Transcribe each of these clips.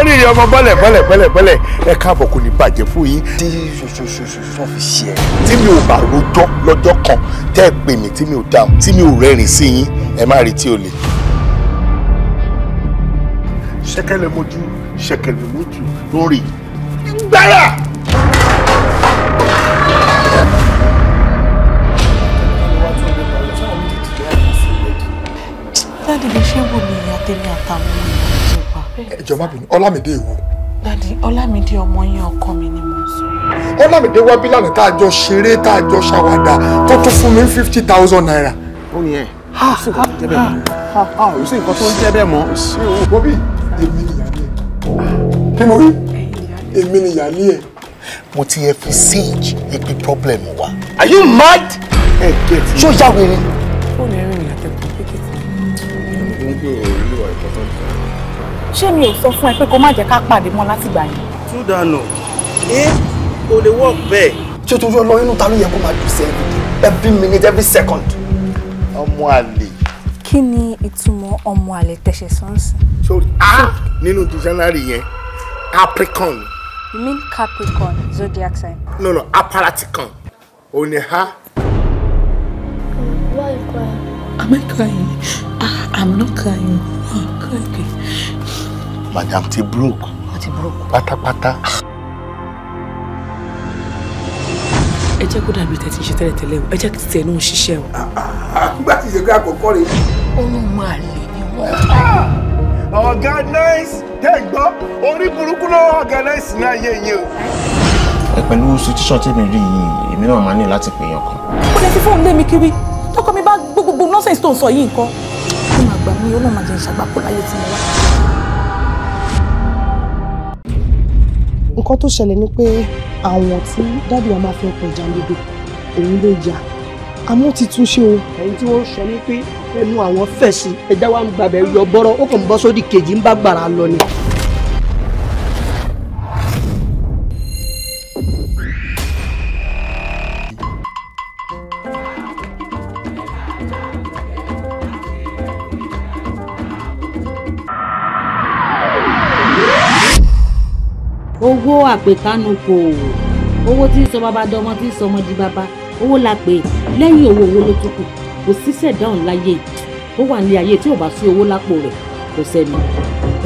olórí ìyá ọmọ bọ́lẹ̀ bọ́lẹ̀ bọ́lẹ̀ bọ́lẹ̀ ẹ káàbọ̀ kò ní bàjẹ́ fún yín. tí sọ́sọ́sọ́sọ́ fi ṣe ẹ̀ tí mi ò bá rojọ́ lọ́jọ́ kan tẹ́ ẹ pè mí tí mi ò dáhùn tí mi ò rẹ́rìn sí yín ẹ má retí olè. ṣẹ̀kẹ̀lẹ̀ mojú ṣẹ̀kẹ̀lẹ̀ mojú lórí gbára. dáàdì lè ṣe wò ní ìyá tèmi àtàwọn ọmọ ìyá ẹjọ má bínú ọlámídé èwo. dadi ọlámídé ọmọ yín ọkọ mi ni mo sọ. ọlámídé wá bí lánàá tá a jọ ṣeré tá a jọ ṣàwádà tó tún fún mi fifty thousand naira. ó ní ẹ ó sì nǹkan tó ń jẹ O mọ́ ó sì nǹkan tó ń jẹ bẹ́ẹ̀ mọ́. bobby èmi nìyà ni ẹ kí ni orí èmi nìyà ni ẹ. mo ti ẹ fi siege ibi problem wa. are you mad. ẹ gẹ̀ tí. ṣó yà wẹ̀rẹ̀. fóònù ẹ̀rín ni kò pékè tí ṣé mi ò sọ fún ẹ pé kó má jẹ́ ká pàdé mọ́ látìgbà yẹn. tún dànù ẹ kò lè work bẹ́ẹ̀. ṣé torí ọlọ́run inú ta ló yẹ kó máa dùn sí every minute every second. ọmọ àlè. kí ni ìtumọ̀ ọmọ àlè tẹ̀sẹ̀ sọ́ọ̀sì. sori a ah! nínú dictionary yẹn capricorn. you mean capricorn zodiac sign. no no aparaticon O ní ha. Why crying? Am I crying? I, ah, I'm not crying. I'm ah, crying madam ti broke. wọ́n ti broke. pátápátá. ẹ jẹ́ kó dàbí tẹ̀tí ṣe tẹ́lẹ̀tẹ́lẹ̀ o ẹ jẹ́ kí tiẹ̀ náà ṣiṣẹ́ o. nígbà tí ìṣègùn àkọ́kọ́ rẹ̀. oorun máa lè ní wọn. organize tẹ́gbọ́ orí burúkú ló organize ní ayé yìí o. ẹ pẹ̀lú situation tí mi rí yìí èmi náà máa ní láti pè yàn kan. kò lè fi fóònù lé mi kiri tọkọ mi bá gbogbo nọ́ọ̀sẹ̀ tó ń sọ yìí nǹkan. ó máa gbà mí ó náà máa jẹ ìṣàgbàpọ̀ láyé tí mo wá. nǹkan tó ṣẹlẹ̀ ni pé àwọn tí dábì wa máa fi ọkọ̀ ìjàlódò òun ló yà àmọ́ ti tún ṣe o. ẹ̀yin tí wọ́n sọ ní pé ẹnu àwọn fẹ̀sì ẹja wa ń gbàbẹ̀ yọ bọ́rọ̀ ó kàn ń sódì kejì ń bá gbàrà lọ ni. pé kánú kò owó tí ń sọ bàbá dọmọ tí ń sọ ọmọ di bàbá owó la pè lẹ́yìn owó owó ló tún kù kò síṣẹ́ dáhùn láyé ó wà ní ayé tí ò bá sí owó lápò rẹ̀ kò sẹ́ni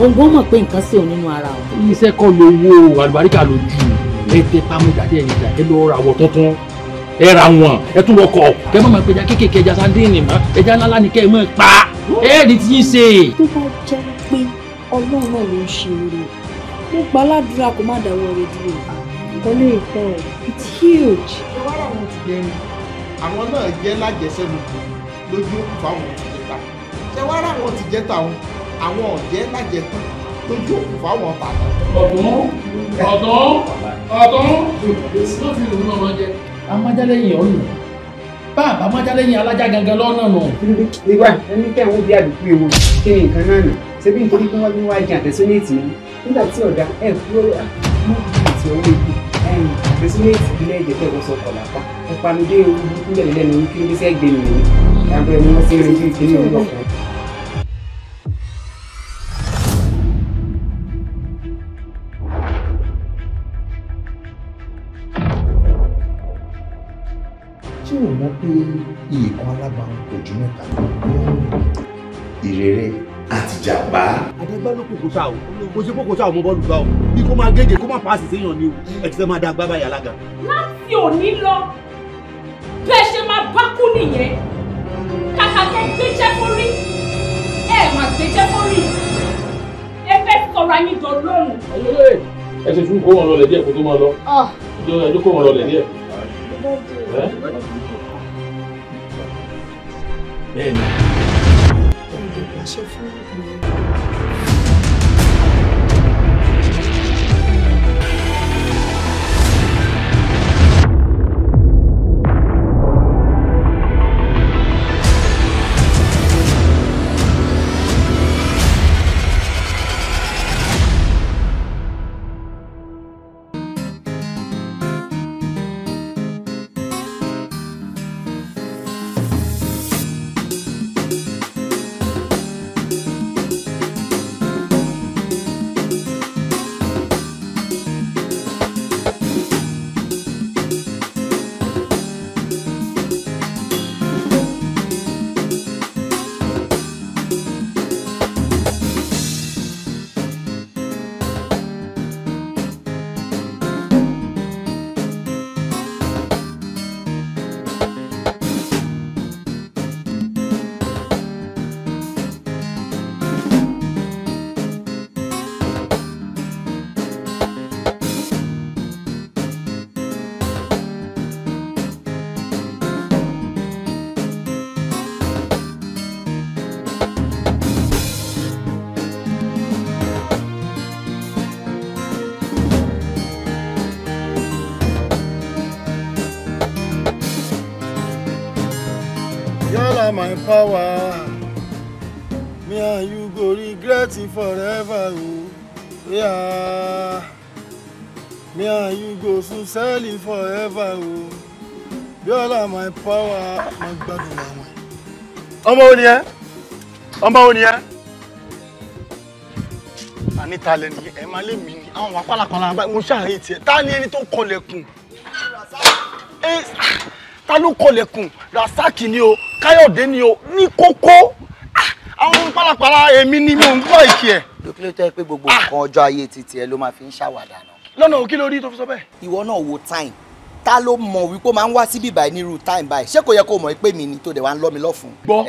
òǹgbò mọ̀ pé nǹkan sí òun nínú ara òun. iṣẹ́ kọ́ lówó àlùbáríkà lójú ẹ tẹ pámú ìdádé ẹ̀yìn ìdá ẹ ra àwọ̀ tuntun ẹ ra wọn ẹ tún wọkọ̀ kẹ mọ̀ máa pẹja kéékèèké ẹja sandéènì mọ́ ẹja ńláńlá ni kẹ́ ẹ mọ̀ pa ẹ rí ti ṣe. tó bá jẹ́ pé ọlọ́run ló ń ṣe oore mo gbà ládùúrà má dáwọ́ rẹ̀ dúró. ìkọlé ìfẹ́ ẹ̀ it's huge. ṣé wàá làwọn ti jẹ ni àwọn náà jẹ́ lájẹsẹ́nukù lójú òkú fáwọn ti jẹta ṣé wàá làwọn àwọn ọ̀jẹ́ lájẹtán lójú òkú fáwọn tàbí. ọ̀dún ọ̀dún ọ̀dún ló fi lòun náà máa jẹ. amajálẹ̀yìn ọ̀nà bá àbámájálẹ̀yìn alájà gangan lọ́nà nù. ìwà ẹni kẹ́ ń bí àdúgbò ewu kí ni nǹkan náà nù ṣebí nítorí pé wọ́n ní wájú àfẹ́sọ́nẹ́ẹ̀tì ni nígbà tí ọ̀gá ẹ̀ fúró mọ́tò owó ibi ẹ̀yìn àfẹ́sọ́nẹ́ẹ̀tì ilé ẹ̀jẹ̀ tẹ̀ wọ́sọ̀ kọ̀ lápá ìpanudé ooru kúlẹ̀ lẹ́nu kí ló fẹ́ gbé nìyẹn lábẹ́ ni wọ́n ṣe rìn kí ní ìlú ọkùnrin. tí ò mọ̀ pé ìkan alágbàmù kò ju mẹ́ta ìrere àtìjàmbá. àdàgbà ló kò kòtà o kò ṣe kó kòtà o mo bọ́ọ̀lù gbá o bí kò máa gègé kó máa paasi séèyàn ni o ẹ ti fẹ́ máa da agbá báyà lága. láti òní lọ bẹ́ẹ̀ ṣe máa bá kú nìyẹn kàkà kẹ́ gbéjẹ́ fórí ẹ máa gbéjẹ́ fórí ẹ fẹ́ sọ̀rọ̀ ayé dọ̀ lọ́rùn. ẹyẹ ẹ ṣe fún kó wọn lọlẹ díẹ̀ kó tó máa lọ ẹjọ́ ah. kó wọn lọlẹ díẹ̀. bẹ́ẹ̀ni ṣe fún power me and you go regret it forever oh yeah me and you go soon sell it forever o oh. biola my power my gbadun àwọn. ọmọ wo ni ẹ ọmọ wo ni ẹ àní ta lẹni ẹ máa lé mi ni àwọn wà pálapàla mo ṣàárẹ̀ tiẹ̀ ta ni ẹni tó kọlẹ̀kùn. Eh, ah ta ló kọlẹ̀kùn rasaki ni o káyọ̀dé ni o ní kókó ah, àwọn pálapàla èmi ni mi ò ń gbọ́ ìkí ẹ̀. dókítà tó yẹ pé gbogbo ah. nǹkan ọjọ́ ayé titi ẹ ló máa fi ń ṣàwàdà náà. lọ́nà òkè lórí tó fi sọ bẹ́ẹ̀. ìwọ náà wo time ta ló mọ̀ wípé ó máa ń wá síbí báyìí nírú time báyìí ṣé kò yẹ kó mọ̀ pé mi ni tó dẹ̀ wá ń lọ́ mi lọ́fun. gbọ́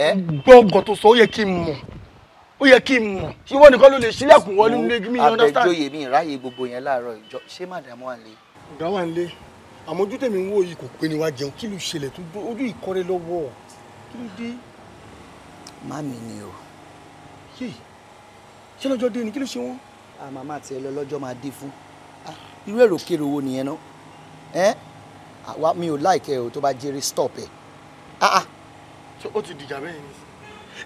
gbọ́ ọgọ̀ tó sọ ó yẹ kí n mọ̀ ó yẹ kí n mọ̀ ṣé wọ́n nìkan ló lè ṣílẹ̀kùn wọlé mi understand. àbẹ̀jọ́yè mi ìráyè gbogbo yẹn láàárọ̀ ìjọ ṣé màdàmú àlè. ọ̀gá ń lé àmọ́ ojú tèmi ń wò yìí kò pé ni wá jẹun kí ló ṣẹlẹ̀ tó ojú ìkọ́rẹ́ lọ́wọ́ kí ló dé. má mi ni o. yéè ṣé lọ́jọ́ dé ni kí ló ṣe wọ́n. màmá àti ẹ lọ lọ́jọ́ máa dé fún irú èrò kéré owó nìyẹn náà ẹ àwa mi ò láìkẹ o tó bá jẹrè stop ẹ. ó ti dìjà bẹ́ẹ̀ ni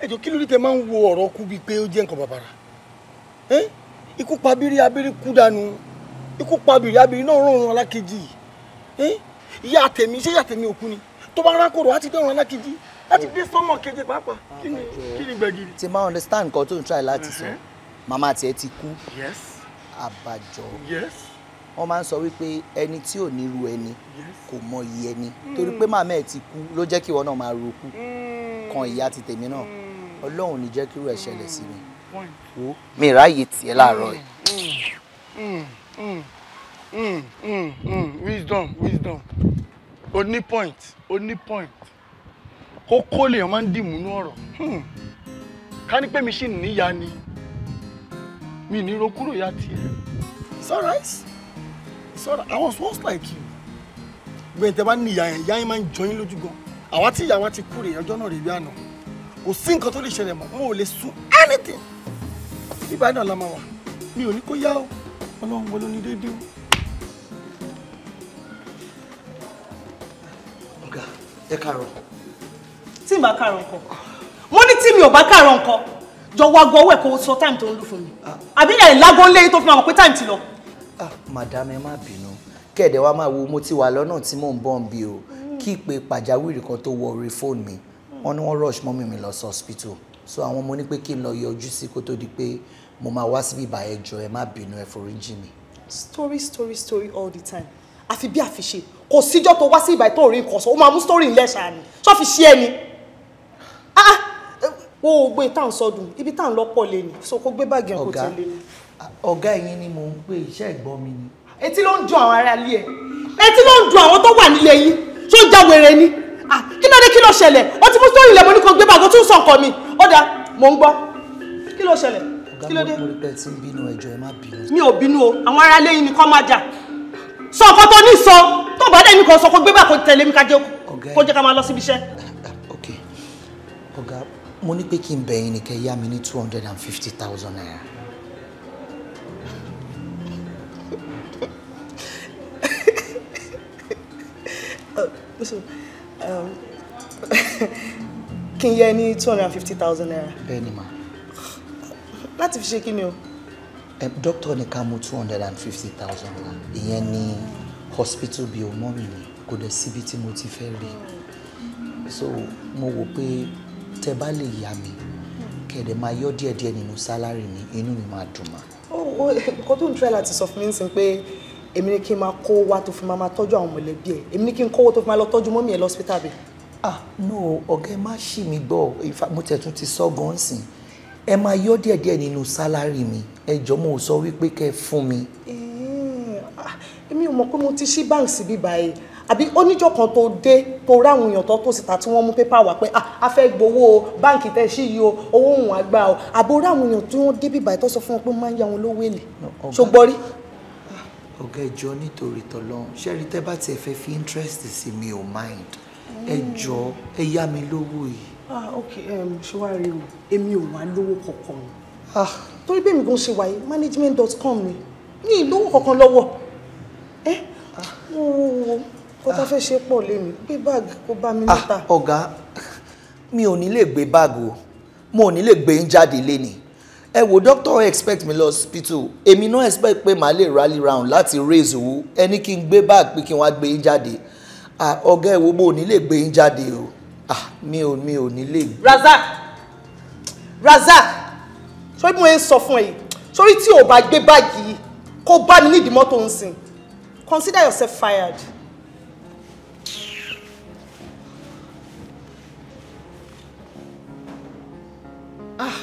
ẹjọ́ kí ló dé tẹ máa ń wo ọ̀rọ̀ kú bíi pé ó jẹ́ nǹkan bàbàrà ikú pabiri abiri kú dànù ikú pabiri abiri náà rọrùn alákejì yìí Eh? ìyá tèmi ṣé ìyá tèmi òkú ni tó bá rákòrò á ti dọ̀rùn alákejì láti dé sọ́mọ̀ keje pàápàá kí ni kí ni gbẹ̀gìrì. ti máa understand nǹkan tó ń try láti sọ uh-huh. màmá tiẹ̀ ti kú àbàjọ wọ́n máa ń sọ wípé ẹni tí ò ní ru ẹni kò mọ iye ẹni hmm. torí pé màmá ẹ̀ ti kú ló jẹ́ kí ìwọ náà máa roku hmm. kan ìyá ti tèmi náà hmm. ọlọ́run ní jẹ́ kí irú ẹ̀ ṣẹlẹ̀ sí mi wo mi ìráyè tiẹ̀ láàárọ̀ yìí mm, mm, mm. wisdom wisdom Only point only point kókó lèèyàn máa ń dìmú nú ọ̀rọ̀ hmm. ká ní pé mi ṣì níyà ni mi ní ro kúrò ya tiẹ̀. it's alright it's alright I was once like you gbẹ̀yìn tẹ́ bá ní ìyá yẹn ìyá yẹn máa ń jọyín lójú gan àwa tí ìyá wa ti kú rèé ọjọ́ náà rèé bí àná kò sí nǹkan tó lè ṣẹlẹ̀ mọ́ mo ò lè sún anything bíbá náà la máa wà mi ò ní kó yá o ọlọ́run wọlé ní déédéé o. ẹ kàrọ. tí n bá kàrọ nǹkan mo ní tí mi ò bá kàrọ nǹkan jọ wá gbọ́ ọwọ́ ẹ̀ kó o sọ táìmù tó ń lù fún mi ah. àbí ìyá ìlágbó ńlé tó fi máa mọ̀ pé táìmù ti lọ. Ah, madam ẹ má bínú kẹ̀dẹ̀ wa máa wo mo ti wà lọ́nà tí mò ń bọ̀ ń bí o mm. kí ìpè pàjáwìrì kan tó wọ orí fóònù mi mm. wọ́n ní wọ́n rush mọ́mì mi lọ sí hospital so àwọn ọmọ ní pé kí n lọ yọjú sí kó tó di pé mo máa wá síbí ìbà ẹ má bínú ẹ foríjì mi. story story story all the time àfi bí àfiṣe kò síjọ́ tó wá sí ìbàdí tó rí nǹkan sọ ó máa mú sítórì ńlẹ̀ ṣáà ni ah, ah, sọ fi ṣí ẹni wo ò tá à ń sọdùn ibi tá à ń lọ́pọ̀ lé ni so kó gbé báàgì ẹ̀kọ́ tó lé ni. ọ̀gá ẹ̀yin ni mò ń pè iṣẹ́ ẹ̀gbọ́n mi ni. etí ló ń dùn àwọn ará ilé ẹ etí ló ń dùn àwọn tó wà nílé yín tó ń já wèrè ni ah, kí ló dé kí ló ṣẹlẹ̀ ó ti mú sórí ilẹ̀ mo ní kó gbé báàgì ó tún sọ nǹkan mi ó dáa mò ń gbọ́ kí ló ṣẹlẹ̀ kí ló dé. o àwọn tó bá dẹ̀ mi kàn sọ kó gbé bá kó tẹ̀lé mi ká jẹ́ kó jẹ́ ká máa lọ síbi iṣẹ́. ok ọ̀gá mo ní pé kí n bẹ̀ yín nìkẹ́ yá mi ní two hundred and fifty thousand naira. Um, kí n yá ẹ ní two hundred and fifty thousand naira. bẹ́ẹ̀ ni ma. láti fi ṣe kí ni o. dókítà ní ká mú two hundred and fifty thousand naira ìyẹn ni hospital bill mọ́ mi ni kò dẹ̀ síbi tí mo ti fẹ́ rí so mo wò pé tẹ bá lè yá mi kẹ̀dẹ̀ máa yọ díẹ̀díẹ̀ nínú sálárì mi inú mi máa dùn mà. nǹkan tó ń try láti sọ fún mi sí pé èmi ni kí n máa kó wá tó fi máa máa tọ́jú àwọn mọ̀lẹ́bí ẹ̀ èmi ni kí n kówó tó fi máa lọ tọ́jú mọ́mí ẹ̀ lọ́sítà bẹ̀. ah no ọ̀gá ẹ má ṣì mí gbọ́ mo tẹ̀ tún ti sọ gan-an sìn ẹ máa yọ díẹ̀díẹ̀ nínú sálárì mi ẹ jọ̀ọ́ mo sọ wípé kẹ́ fún mi. Eh èmi ò mọ̀ pé mo ti ṣí bank síbí báyìí àbí oníjọ kan tó dé tó ráwọn èèyàn tó tó síta tí wọ́n mú pépà wá pé ah, a fẹ́ gbowó báǹkì tẹ́ sí yìí o owó òun àgbà o àbò ráwọn èèyàn tí wọ́n dé bíbáyìí tó sọ fún wọn pé máa ń ya wọn lówó èlé ṣùgbọ́n rí ọ̀gá ẹjọ nítorí tọlọ́run ṣẹrí tẹ bá tiẹ̀ fẹ́ fi interest sí mi ò mind ẹjọ mm. ẹ yá mi lówó yìí. ah ok ṣé wàá rí o èmi ò wá lówó kankan o ah. torí bí èmi gan ṣe wáyé management dot com ni ní ìlówó kankan lọ́wọ́ ẹ eh? mo wo wo kó tá fẹ́ ṣe pọ̀ lé mi gbé báàgì kó bá mi níta. Ah, ọ̀gá mi ò ní lè gbé báàgì o mo ni ní lè gbé ń jáde ni ẹ wo doctor expect mi lọ hospital èmi náà expect pé màá lè rally round láti raise owó ẹni kí n gbé báàgì pé kí n wá gbé ń jáde ah, ọ̀gá ẹ wo mo ò ní lè gbé ń jáde o ah, mi ò mi ò ní lè. Razak Razak sọ bí mo ń sọ fún ẹ yìí sórí tí o bá gbé báàgì yìí kó bá mi nídìí mọ́tò ń sìn Consider yourself fired. Ah.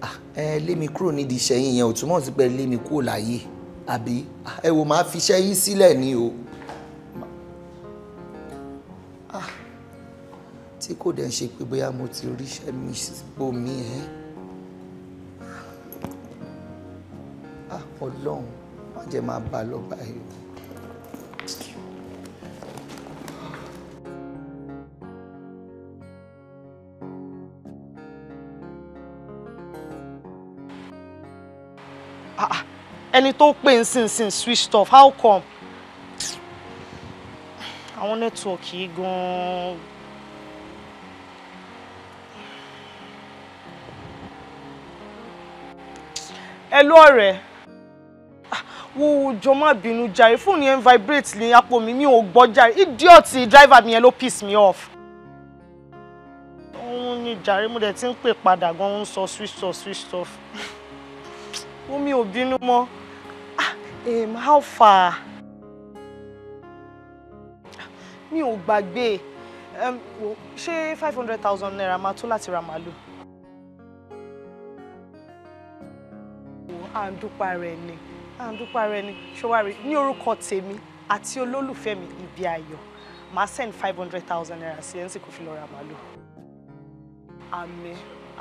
Ah, ẹ lé mi kúrò nídìí iṣẹ́ yín yẹn ò túmọ̀ sí pé lé mi kúrò láyé àbí ah, ẹ wò máa fi iṣẹ́ yín sílẹ̀ ni o tí kò dẹ̀ ń ṣe pé bóyá mo ti ríṣẹ́ mi sípò mi ẹ́ ọlọ́run má jẹ́ máa bá a lọ báyìí o. Ah, ẹni tó pè ń sìn sìn switched off how come àwọn nẹ́tíwọ̀kì yìí gan-an. ẹ lú ọ̀rẹ́ wo jọ má bínú jàre fóònù yẹn vibrate ní apò mi mi ò gbọ́ jàre idiot driver mi yẹn ló piss me off. òun ni jàre mo dẹ̀ ti ń pè gan ń sọ switch off switch off ó mi ò bínú mọ́ um, how far mi ò gbàgbé ṣé five hundred thousand naira máa tó láti ra màálù. à ń dúpa rẹ̀ ni àǹdúpà rẹ ni ṣọwárí ní orúkọ tèmi àti olólùfẹ́ mi ibi ayọ̀ màá send five hundred thousand naira sí ẹ̀ ń sì kò fi lọ ra màálù. àmín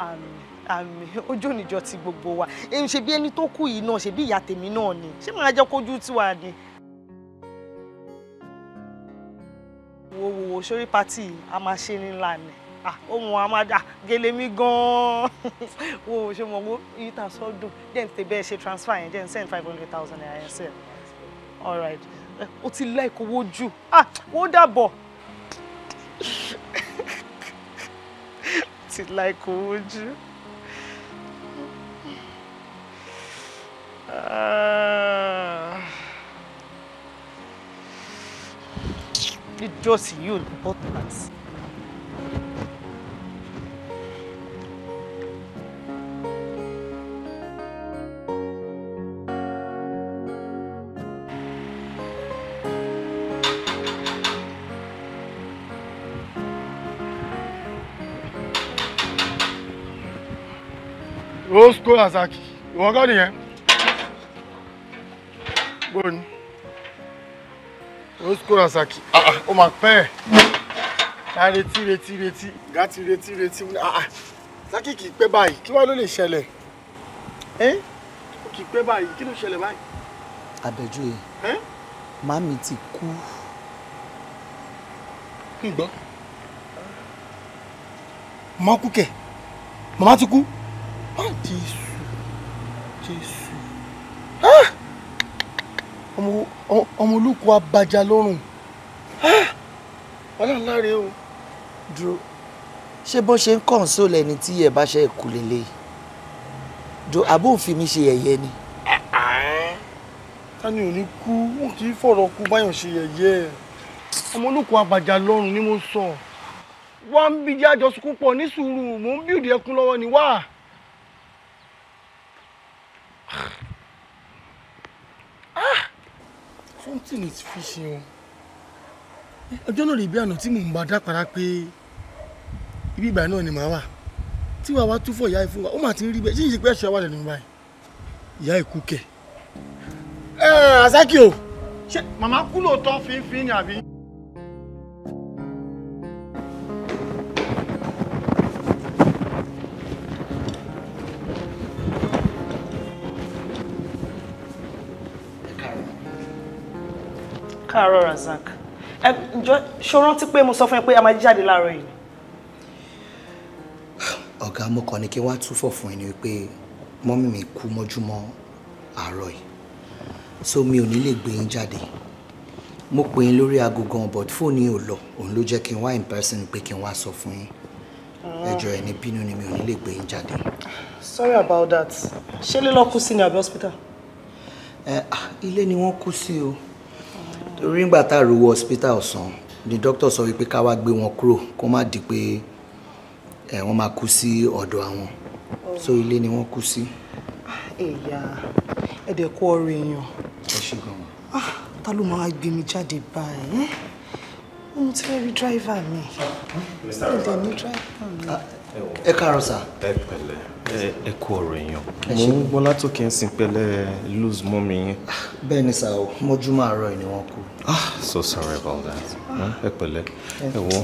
àmín àmín ojú òníjọ ti gbogbo wa èmi ṣe bí ẹni tó kù yìí náà ṣe bí ìyá tèmi náà ni ṣé màá jẹ́ kójú tiwa ni. wo wo wo sórí pátì a máa ṣe ní ńlá Ah, ohun àmàdà gèlè mi gan-an wo ṣe mọ̀ wo yìí tà sọ́ dùn jẹ́ n tẹ bẹ́ẹ̀ ṣe transfer yẹn jẹ́ n send five hundred thousand naira yẹn sẹ́ẹ̀ all right eh, o ti like owó jù ah wọ́n dàbọ̀ ti like owó jù. Ah. It just you in the buttons. old school asaki ìwọ kọ́ nìyẹn bóni old school asaki ah, ah, ó máa pẹ́ ẹ̀ ta retí retí reti, reti. ti retí retí saki ah, kì í pẹ́ báyìí kí wàá ló lè ṣẹlẹ̀ ẹ́ kì í pẹ́ báyìí kí ló ṣẹlẹ̀ báyìí. àbẹ̀jú ẹ̀ màmí ti kú. ń gbọ́ màmá kú kẹ̀ màmá ti kú. Má Jésù Jésù ah! ọmọ olùkọ́ abájá lọ́rùn ah! ọlọ́láre o. dúró ṣé bó ṣe ń console ẹni tí ẹ bá ṣe kú lélẹ̀ dúró àbó òfin mi ṣe yẹ̀yẹ́ ni. tani ò ní kú wọn kì í fọ̀rọ̀ kú báyọ̀ ṣe yẹ̀yẹ́ ọmọ olùkọ́ abájá lọ́rùn ni mo sọ wọ́n ń bí jájọ sunkún pọ̀ ní sùúrù mò ń bí òdì ẹkún lọ́wọ́ ni wá. Ah! Something is fishing o. Ọjọ́ náà lè bí àná tí mò ń bá dápara pé ibi ìgbà náà ni màá wà. Tí wàá wá tú fọ ìyá ìfún wa, ó mà ti rí bẹ́ẹ̀. Ṣé ìṣègbè ẹ̀ṣẹ̀ wà lẹ́nu mi báyìí? Ìyá ìkú kẹ̀. Ẹ Àsákì o! Ṣé màmá kú lóòótọ́ fínfín ni àbí? káàárọ̀ Razak ẹ jọ ṣó rántí pé mo sọ fún ẹ pé a máa jáde láàárọ̀ yìí. ọ̀gá mo kàn ní kí wọ́n á túfọ̀ fún ẹ ni wípé mọ́mì mi kú mọ́júmọ́ àárọ̀ yìí so mi ò ní lè gbé yín jáde mo pè yín lórí aago gan but fóònù yìí ò lọ òun ló jẹ́ kí n wá in person pé kí n wá sọ fún yín mm. ẹjọ ẹ ní bínú ni mi ò ní lè gbé yín jáde. sorry about that ṣé lílọ kú sí ni àbí hospital. ẹ ilé ni wọ́n kú sí o torí ngbà tá hospital ọ̀sán ni doctor sọ wípé ká wá gbé wọn kúrò kó má di pé ẹ wọ́n máa kú sí ọ̀dọ̀ àwọn so ilé ni wọ́n kú sí. Ah, ẹ̀yà ẹ̀dẹ̀ kú ọ̀rọ̀ èèyàn. ẹ ṣe gan-an. Ah, ta ló máa gbé mi jáde báyìí? mo ti fẹ́ rí dráìvà mi. mo dẹ̀ ní dráìvà mi. Ah, ẹ káàárọ̀ sà. ẹ pẹ̀lẹ́ ẹ kú ọ̀rọ̀ èèyàn. mo ń gbọ́ látòkè ń sìn pẹ̀lẹ́ lose mọ́ mi yín. bẹ́ẹ̀ ni sà o mọ́júmọ́ àárọ̀ ni wọ́n kú. ah so sorry about that ẹ ah. pẹ̀lẹ́ ẹ wọ.